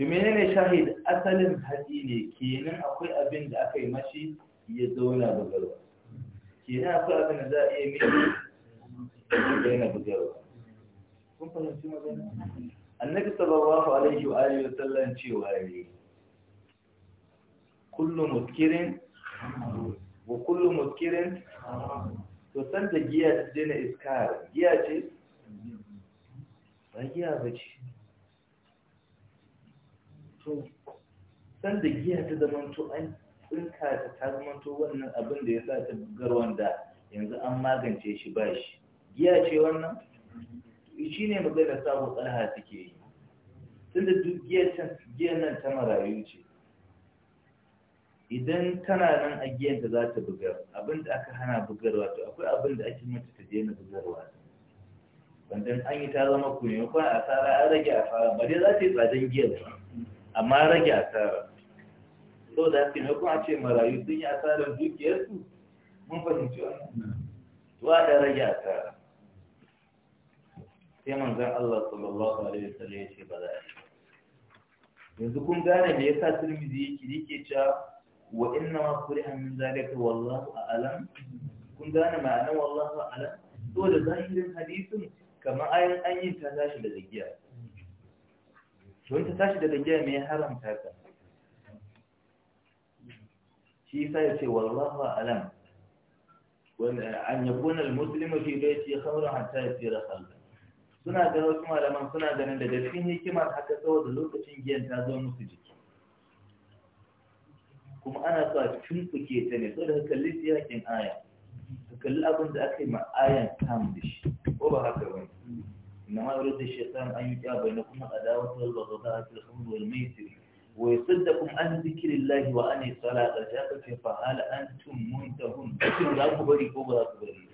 to menene shahid asalin haji ne kenan akwai abin da aka yi mashi ya zauna bugarwa kenan akwai abin da za a iya miki daina bugarwa kun fahimci magana annabi sallallahu alaihi wa alihi wa sallam cewa ne kullu mutkirin wa kullu mutkirin to san da giya ta daina iskar giya ce ba giya ba ce Sanda san da giya ta zamanto an tsinka ta ta zamanto wannan abin da ya sa ta bugar wanda yanzu an magance shi ba shi giya ce wannan shi ne maganar sabo tsalha suke yi tun da duk giyan nan ta marayu ce idan tana nan a giyan da za ta bugar abin da aka hana bugarwa to akwai abin da ake mata ta daina bugarwa wanda an yi ta zama kunewa a tsara, an rage asara ba dai za ta yi tsadan giyar. ba amma rage asara so da haka maimakon a ce marayu sun yi asarar dukiyarsu mun fahimci wannan zuwa da rage asara sai manzan Allah sallallahu alaihi wasallam ya ce ba za a yi yanzu kun gane me yasa Tirmidhi yake yake cewa wa inna ma kuriha min zalika wallahu a'lam kun gane ma'anar wallahu a'lam to da zahirin hadisin kamar ayin an yi ta tashi da zakiya Don ta tashi daga giya me ya haramta ta shi ya ce, wallahu alam an shi ya ce, baiti hanta ya yasira khalqa suna da wasu malaman suna ganin da cikin hikimar haka saboda lokacin giyan ta zo musu jiki kuma ana sa a suke ta ne saboda kalli siyakin aya kalli abin da aka yi ma ayan kam da shi ko ba haka wani إنما يريد الشيطان أن يجعل بينكم العداوة والبغضاء في الخمر والميسر ويصدكم عن ذكر الله وأن الصلاة رجاء فهل أنتم منتهون لكن لا كبري كوبا لا كبري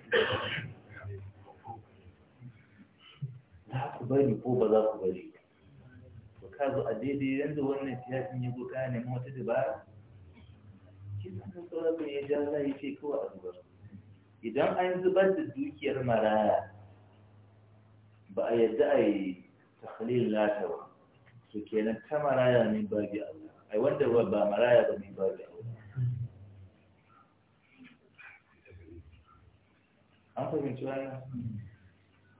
لا كبري كوبا لا كبري وكازو أديدي ينزو وانا سياسي يقول كان موت دبار كيف أن الصلاة يجعل الله يشيكوا أكبر إذا da dukiyar maraya ba a yadda a yi takhalil nata ba su kenan ta maraya min babi aula ai wanda ba maraya ba min babi aula an fahimci wannan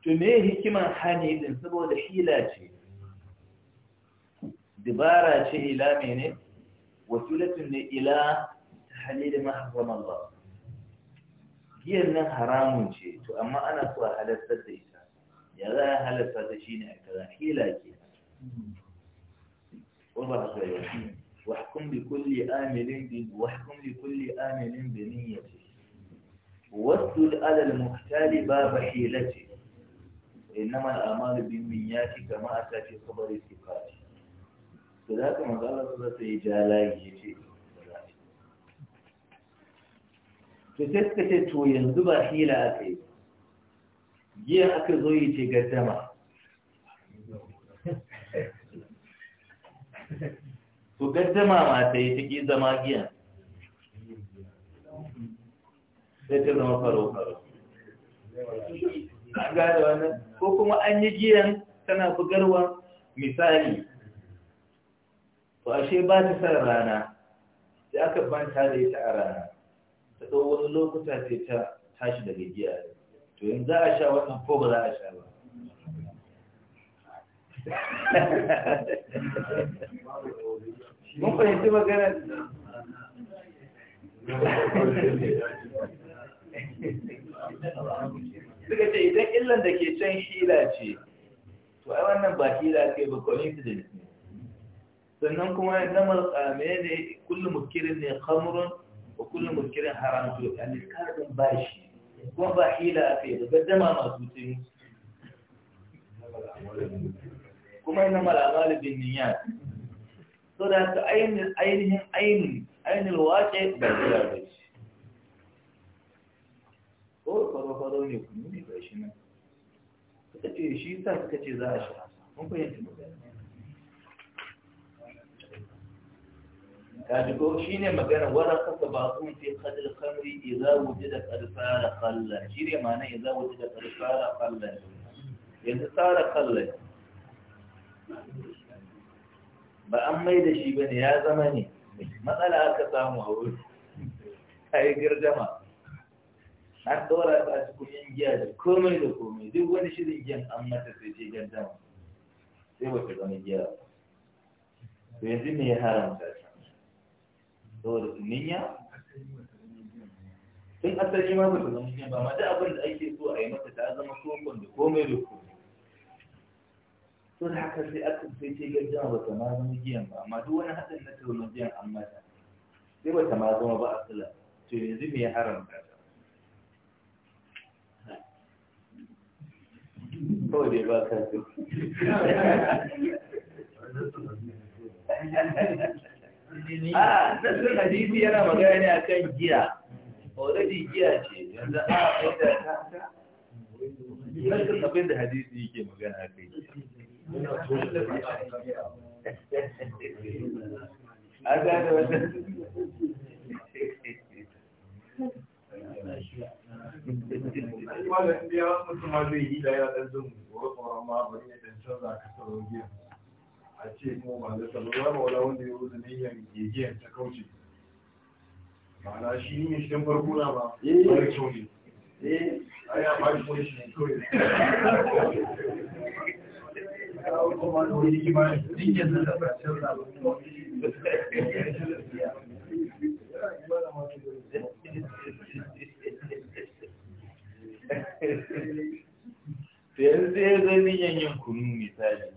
to me hikiman hani din saboda hila ce dibara ce ila mene wasilatun ne ila tahlil ma Allah giyan nan haramun ce to amma ana so a halartar da ita ya za a halarta ta shi ne a kaza hila ke wanda haka yau wahkum bi kulli amilin bi wahkum bi kulli amilin bi niyyati wasu ala al-muhtali ba ba hilati innama al-amalu bi niyyati kama ata fi khabar sifati to da haka manzo Allah sallallahu alaihi wasallam ya ce to sai suka ce to yanzu ba hila aka yi jiya aka zo yi ce gaddama to gaddama ma ta yi take zama giya sai ta zama faro-faro an gada wannan ko kuma an yi giyan tana bugarwa misali to ashe ba ta san rana sai aka banta da ita a rana ta ɗau wani lokuta sai ta tashi daga giya to in za a sha wannan ko ba za a sha ba mun fahimci magana suka ce idan illan da ke can hila ce to ai wannan ba hila ce ba coincidence ne sannan kuma namar mene ne kullum mukirin ne khamrun wa kullum mukirin haram to an karbin bashi kuma ba hila a kai da gaddama masu tuni kuma ina malamalu bin niyya so da haka ainihin ainihin ainihin wace ba hila ba shi ko kwaro-kwaro ne kuma ne ba shi nan suka ce shi sa suka ce za a shi mun fahimci magana kaji ko shi ne magana wara kasa ba kun fi kadil kamri idza wujida qad sara khalla shi ne ma'ana idza wujida qad sara khalla yanzu sara khalla ba an mai da shi bane ya zama ne matsala aka samu a wuri ai girdama an dora ta cikin giya da komai da komai duk wani shirin giyan an mata sai ce girdama sai ba ta zama giya ba yanzu ne ya haramta shi saboda ninya tun asali ma ba ta zama ninya ba ma duk abin da ake so a yi mata ta zama kokon da komai da komai to haka sai aka sai ce gajiya ba ta ma zama giyan ba amma duk wani haɗin na taurin giyan an mata sai ba ta ma zama ba a sila to yanzu me ya haramta ta kawai dai ba ka so a da hadisi yana magana ne kan giya already giya ce yanzu a yadda ta ta sassan abin da hadisi yake magana kai a gane wannan ma zai yi da ya ɗan zan wata wara ka giya. a ce kuma ba da sabuwa ba wala wanda ya wuce niyyar ta kauce ma'ana shi ne shi farko na ba wani eh. kyau ne eh. a ya ba shi kuma shi ne kawai yanzu ya zai niyan yin kunu misali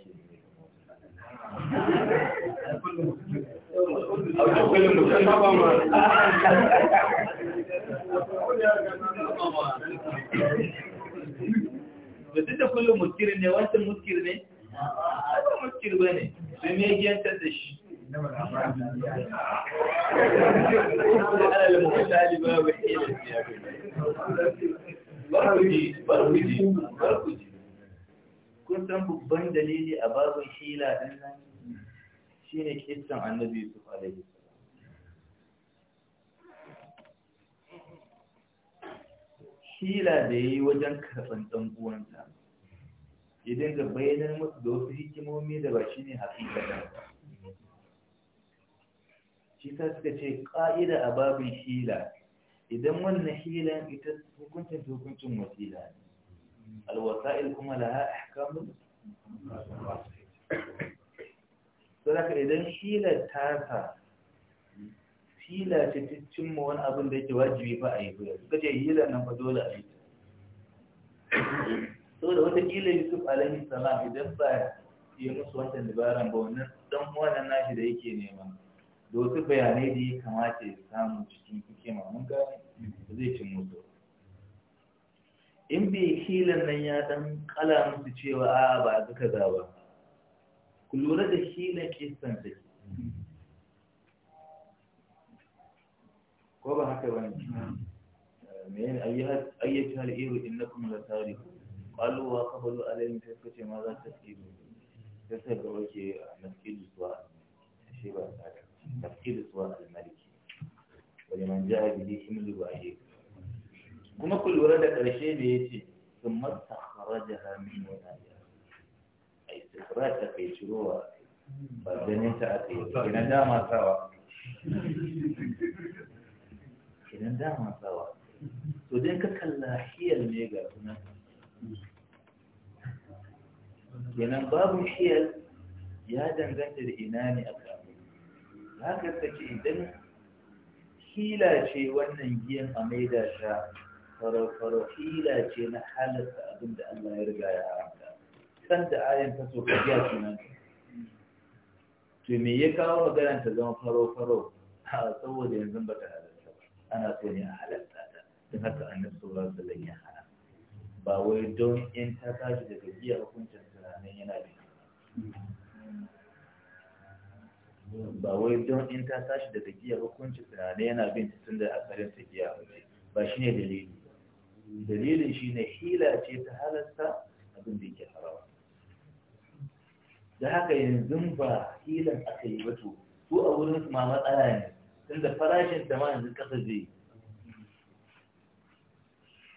da kullum muskiri ne wata muskiri ne Wata muskiri ba ne sai me giyantar da shi barkuji barkuji barkuji kun san babban dalili a babin hila ɗin nan shine kissan annabi su alaihi hila da yayi wajen karban dan uwansa idan dinga bayyana masu da wasu hikimomi da ba ne hakikatan shi ta suka ce ƙa'ida a babin hila idan wannan hila ita hukuncin hukuncin wasila ne alwasa'il kuma laha ahkamun don haka idan hila tasa hila ce ta cimma wani abin da yake wajibi ba a yi ba suka ce hila nan fa dole a yi saboda watakila yusuf alaihi salam idan ba ya musu wancan dabaran ba wannan dan wannan nashi da yake nema da wasu bayanai da ya kamata ya samu cikin hikima mun gane ba zai cin mutu. in bai hilan nan ya dan kala musu cewa a ba ga kaza ba ku lura da hilan kisan da ko ba haka wani من أيتها الإير إنكم لتاركوا قالوا وقبلوا عليهم تسكت ماذا تفكيدون تسكت وجه مسكيد سواء شبه تفكيد سواء الملك ولمن جاء به حمل وأهيك kuma ku lura da ƙarshe da ya ce sun masta haraja hamin wani a istikrar ta kai cirowa ba ganin ta aka yi idan dama sawa idan dama sawa to dai ka kalla hiyar ne ga sunan kenan babu hiyar ya danganta da ina ne aka haka take idan hila ce wannan giyan a maida sha Faro-faro hila ce na halatta abin da Allah ya riga ya haramta san da ayan ta soka biya sunan to me ya kawo maganar ta zama faro farau saboda yanzu ba ta halatta ba ana so ne a halatta ta don haka annabi sallallahu alaihi zan ya hana ba wai don in ta tashi daga biya hukuncin tunanin yana da ba wai don in ta tashi daga giya hukuncin tunanin yana bin tun da asalin ta giya ba ba shi ne dalili dalilin shi ne hila ce ta halarta abin da yake harawa da haka yanzu ba hilan aka yi ba to a wurin su ma matsala ne tunda farashin da ma yanzu kasa zai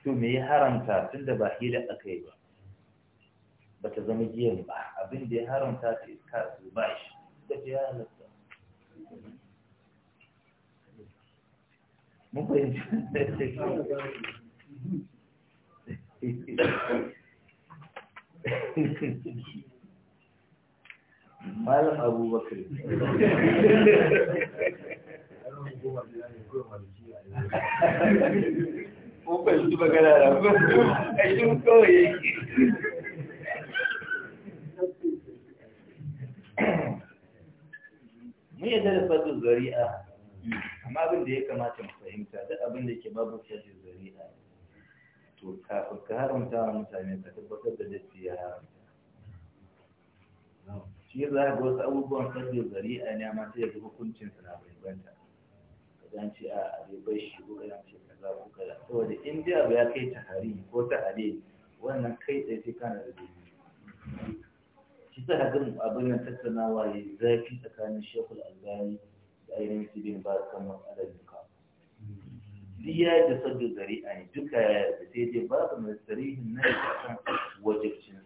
to me ya haramta tunda ba hila aka yi ba ba ta zama jiyan ba abin da ya haramta ta iska su ba shi da ta halatta mun fahimci malam abubakar Opa, ele vai galera. Aí não da fadu zari'a, amma abin da ya kamata mu fahimta, duk abin da ke babu fadu zari'a to ka haramta wa mutane ka tabbatar da datti ya haramta shi za a ga wasu abubuwan sabbin zari'a ne amma sai ya ga hukuncin na bambanta ka dan ce a bai shi ko ka dan ce kaza ko kaza saboda in dai abu ya kai tahari ko ta'ale wannan kai tsaye sai kana da dalili shi sa ga abin nan tattaunawa ya yi zafi tsakanin shekul albani da ainihin sibin ba kan matsalar duka biya da sabbin zari'a ne duka da sai dai babu mai tsarihin na da kan wajibcin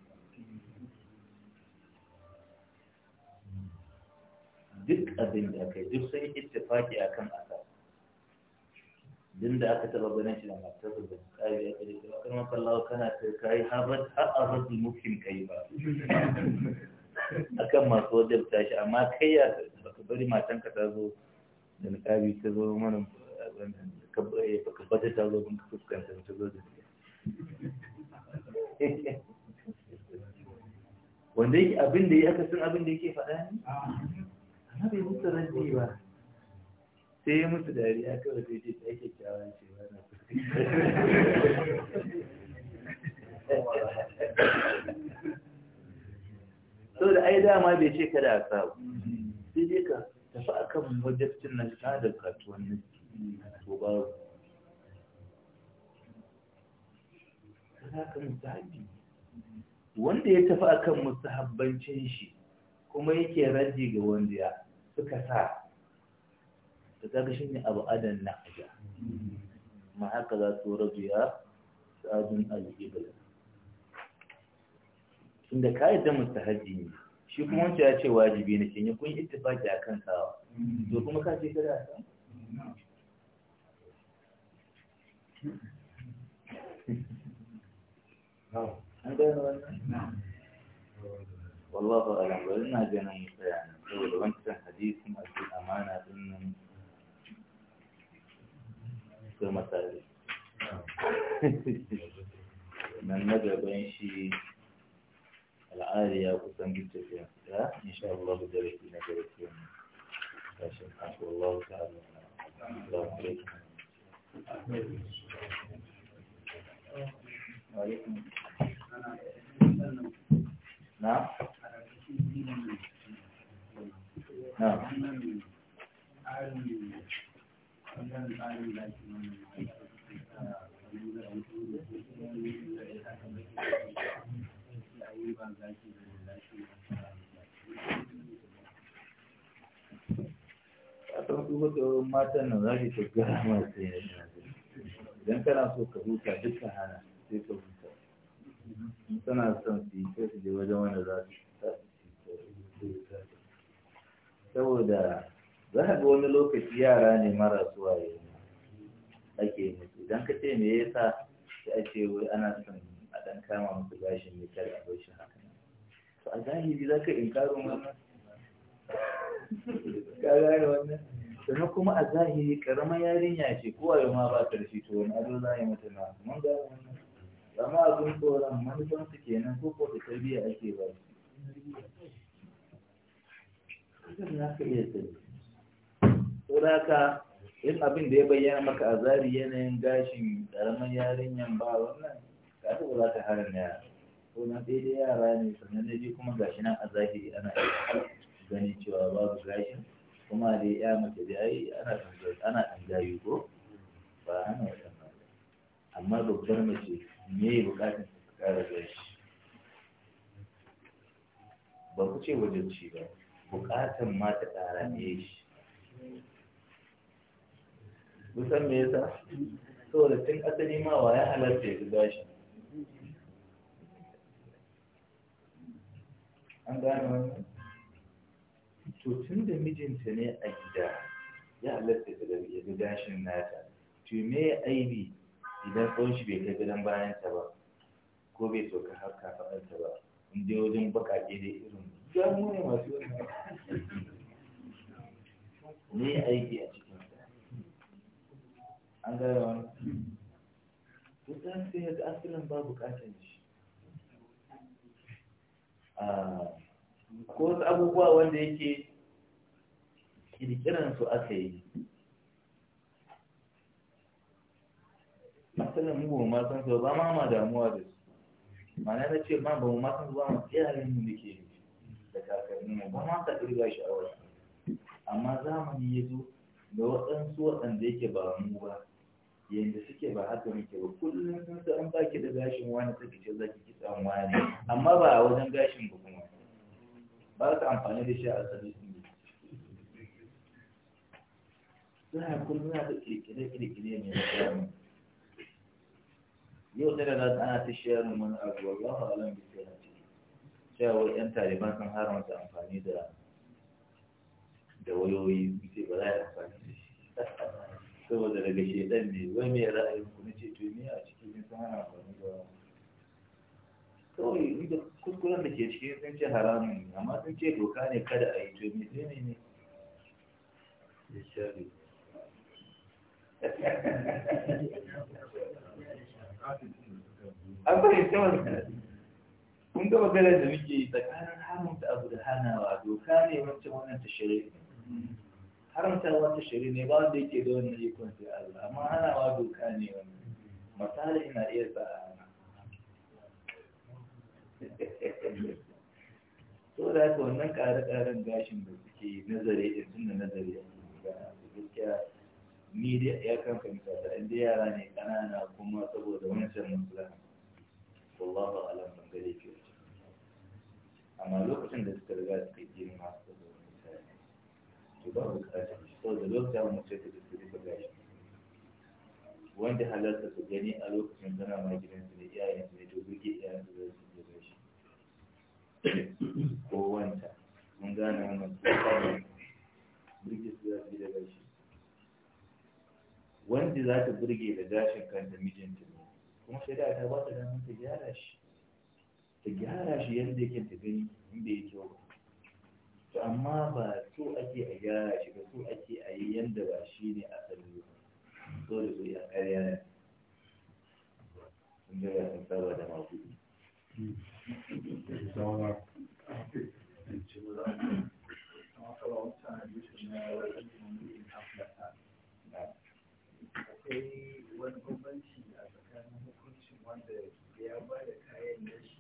duk abin da aka yi duk sun yi ittifaki a kan asa din da aka taba ganin shi da matar da kari ya kare ta kan maka Allah kana ta kai habat har arzu mukin kai ba akan masu wajen tashi amma kai ya baka bari matanka ta zo da nikabi ta zo mana wannan ka bata ta zo ka fuskanta ta zo da wanda yake abin da ya aka san abin da yake faɗa ne amma bai musu raddi ba sai ya musu dariya kawai sai ce ta yake kyawa ce ba na so da ai dama bai ce kada a sabu sai dai ka tafi akan wajabcin nan ka da katuwan nan to ba wanda ya tafi akan musahabbancin shi kuma yake raji ga wanda ya suka sa da kaga shi ne abu adan na aja ma haka za su rabu ya sabon al'ibar Inda ka yadda mustahabi ne shi kuma wancan ya ce wajibi ne kun yi kun a kan sawa to kuma ka ce kada san والله أعلم ولنا جنين يعني لو وانت حديث ما في أمانة إن في مسائل من مدى بين شيء العالية وتنجد فيها إن شاء الله بدرجة نجرة يوم والله تعالى السلام عليكم na Thank you. san duba tsoron matan nan za ki tafiya masu yi idan kana so ka huta dukkan hana sai ka huta tana son su yi sai su je wajen wanda za su saboda za ka ga wani lokaci yara ne marasu waye ake mutu. idan ka ce me yasa sai a ce wai ana son a ɗan kama musu gashin mai kar a bar haka to a zahiri za ka inkarin wannan ka gane wannan sannan kuma a zahiri karama yarinya ce kowa yau ma ba karfi to wani ado za a yi mata na mun ga wannan amma abin tsoron manufan su kenan ko ko da tarbiyya ake ba su na ka iya sani in abin da ya bayyana maka a zari yanayin gashin karamar yarinyan ba wannan ka ta za ta harin yara ko na daidai yara ne sannan na je kuma gashi nan a zahiri ana ganin cewa babu gashin kuma dai ya mace da ai ana ana dan gayu ko ba ana wata ba amma doktor mace me ya bukatun ka kara gashi ba ku ce wajen ci ba bukatan ma ta kara ne shi kusan me yasa saboda tun asali ma wa ya halarta ya gashi an gane wannan to tun da mijinta ne a gida ya halatta ta ya ga gashin nata to me ya aibi idan tsawon shi bai kai gidan bayan ta ba ko bai sauka har kafaɗar ta ba in dai wajen baƙaƙe da irin ya ne masu ne ya aiki a cikin ta an gara wani to ta sai ya ga babu ba buƙatar shi ah. ko wasu abubuwa wanda yake su aka yi matsalar mu ba ma san su ba ma ma damuwa da su ma'ana na ce ma ba mu ma san su ba ma iyayen mu da ke da kakanni mu ba ma ta kirga shi a wasu amma zamani ya zo da waɗansu waɗanda yake ba mu ba yadda suke ba haka muke ba kullum sun san an baki da gashin wani suke ce za ki samu wani amma ba a wajen gashin ba kuma ba su amfani da shi a asali ne suna kullum na da kirkire-kirkire mai rayuwa yau sai da za ta ana ta sharing wani abu wallahu alam da ke ce cewa yan taliban sun haramta amfani da da wayoyi sai ba za a amfani da shi saboda daga shedan ne wai mai ra'ayin ku na ce to a cikin sun hana amfani da kawai ni da kuskuren da ke cikin sun ce haramun ne amma sun ce doka ne kada a yi to sai ne ne ya shari an fahimta wannan kun ga maganar da muke yi tsakanin haramta abu da hanawa doka ne wancan wannan ta shari'a haramta wata shari'a ne ba wanda yake da wannan ikon sai Allah amma hanawa doka ne wannan misali ina iya sa'a. so da haka wannan ƙare-ƙaren gashin da suke nazari da tunda nazari a gaskiya ni da ya kanka mita da inda yara ne ƙanana kuma saboda wani wancan musulman ba alam ban gare ke amma lokacin da suka riga suka yi girma saboda mutane to ba so da lokacin mutum da suka rufe gashin wanda halarta su gani a lokacin zana ma ne iyayen su ne to duk su zai ko wanta mun gane wannan su da gashi wanda za ta burge da gashin kan da mijinta ne kuma shi ta ba ta damar ta gyara shi ta gyara shi yadda yake ta gani in bai kyau ba to amma ba so ake a gyara shi ba so ake a yi yadda ba shi ne a asali ba so da so ya karya ne sun ya saba da masu It's all our topic. And she a long time. You should that you don't need to help that time. Akwai wani bambanci a tsakanin hukuncin wanda ya ba da kayan da shi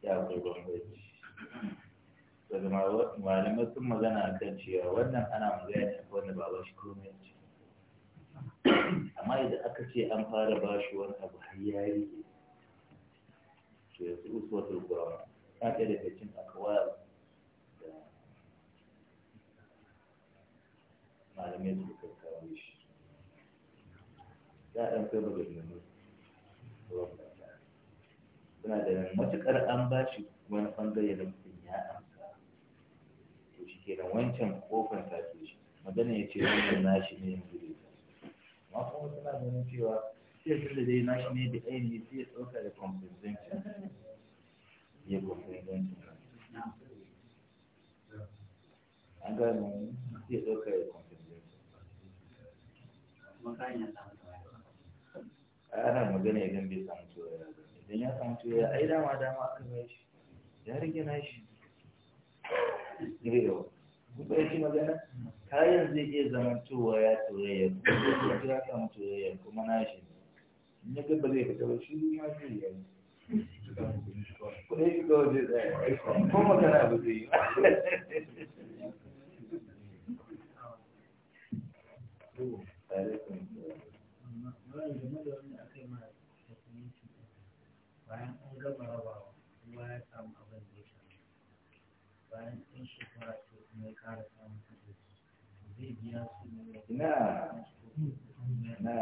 Yeah, we malamai sun magana a kan cewa wannan ana magana ne akan wanda ba ba shi komai ce amma idan aka ce an fara ba shi wani abu har ya yi ke ya su usuwa turkurawa ta ɗaya daga cin da malamai su kawo shi za a ɗan kai maganganu suna da matuƙar an ba shi wani ɓangare na mutum ya amsa kenan wancan kofar ta ce shi magana ya ce wannan nashi ne yanzu da amma kuma suna ganin cewa sai sun da dai nashi ne da ainihi sai ya ɗauka da compensation ya compensation an gano sai ya ɗauka da compensation ana magana idan bai samu turaya idan ya samu turaya ai dama dama aka mai shi ya rage nashi ne yau bai ci magana kayan zai iya zamantowa ya turaya ya kira turaya kuma na shi ne ga ba zai fita ba shi ma zai yi waje tsaye kuma magana ba zai yi bayan an gama rawa na na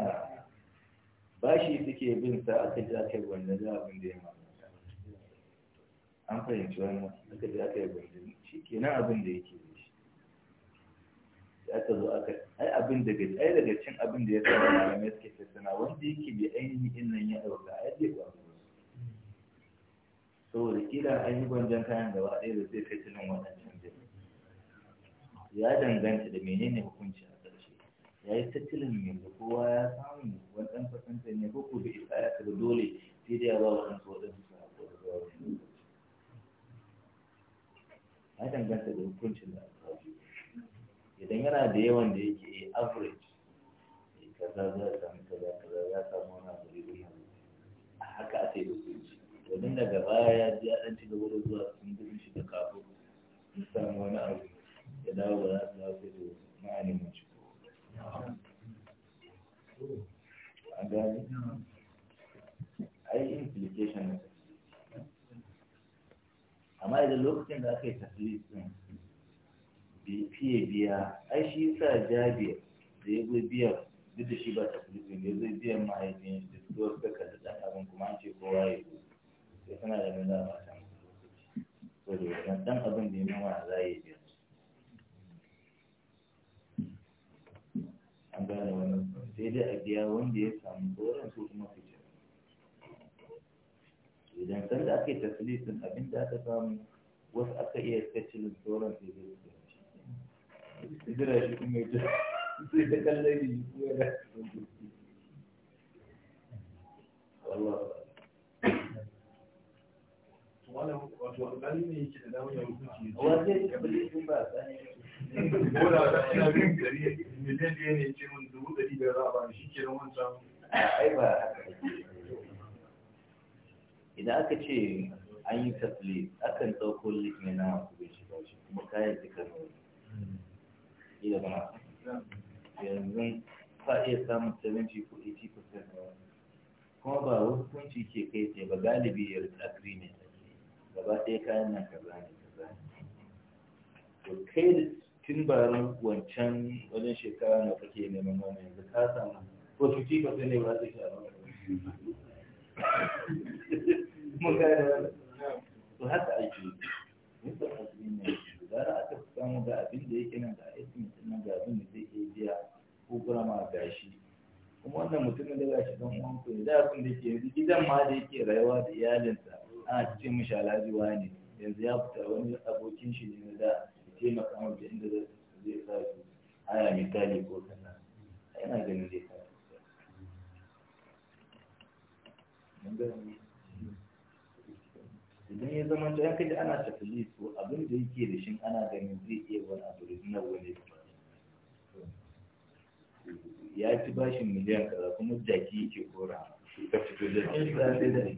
bashi suke bin sa aka ji aka yi gwanda za abin da ya mamata an fahimci wannan aka ji aka yi gwanda shi ke nan abin da yake da shi aka zo aka ai abin daga ai daga cin abin da ya tsara malamai suke tattauna wanda yake bai ainihin in nan ya ɗauka ai zai su, saboda kila an yi gwanjan kayan gaba ɗaya da zai kai tunan waɗancan ya danganta da menene hukunci a ƙarshe ya yi tattalin yanzu kowa ya samu wani ɗan fasanta ne ko kuma bai tsaya ta dole sai dai ya ba wa ɗansu waɗansu su haƙo da zuwa wani ya danganta da hukuncin da aka idan yana da yawan da yake average kaza za a samu kaza kaza za samu wani abu da yawa a haka aka yi hukunci domin daga baya ya ji a ɗan ci gaba da zuwa sun gudun shi da kafin samu wani abu ya dawo ba za su dawo sai su ma'ani mun ci a gani ai implication amma idan lokacin da aka yi tafiye din fiye biya ai shi sa jabiya da ya zo biya duk da shi ba tafiye din ya zai biyan mahaifin shi da su wasu ka kalli ɗan abin kuma an ce kowa ya zo sai suna da nuna mata so da wajen ɗan abin da ya nuna za ya biya a gane wannan sai dai a biya wanda ya samu tsoron su kuma su ce idan kan da aka yi tasirisin abin da aka samu wasu aka iya kacilin tsoron sai zai su yanci jira shi kuma ya sai da kallon yi kuma ya Allah wato alƙali ne yake da damar ya hukunci ya ce. Wace ya kabili sun ba a tsani ina ne ce idan aka ce an yi tafli akan ɗauko likin na masu da shi ba shi kuma kayan duka yi da ba yanzu ka iya samun 70 ko 80 percent kuma ba hukunci ke kai sai ba galibi ya rika agreement gaba ɗaya kayan nan ka zane ka zane kai da tun ran wancan wajen shekara na kake neman wannan yanzu ka samu ko 50% ne ba zai sha ba mun ga to haka ake mun da azumi ne da aka samu ga abin da yake nan da aikin nan ga abin da zai iya biya ko gurama shi. kuma wannan mutumin da ga shi dan uwan ku da abin da yake yanzu gidan ma da yake rayuwa da iyalinsa ana cikin mishi alhaji wani yanzu ya fita wani abokin shi ne da taimaka mu da inda zai sa su haya misali ko kana yana ganin zai sa idan ya zama to yanka da ana tafili to abin da yake da shi ana ganin zai iya wani abu da na wani ya ci bashin miliyan kaza kuma jaki yake kora ka fito da shi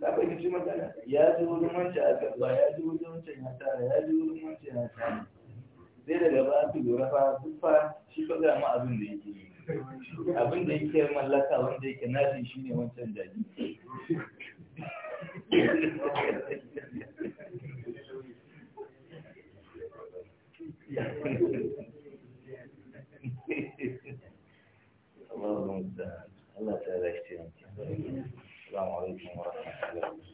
ka fahimci magana ya ji wurin wancan a gaba ya ji wurin wancan ya tara ya ji wurin wancan ya tara zai daga ba su lura fa duk fa shi fa ga ma abin da yake yi abin da yake mallaka wanda yake nashi shi ne wancan jaji Allah ta Allah 让我去见我的朋友。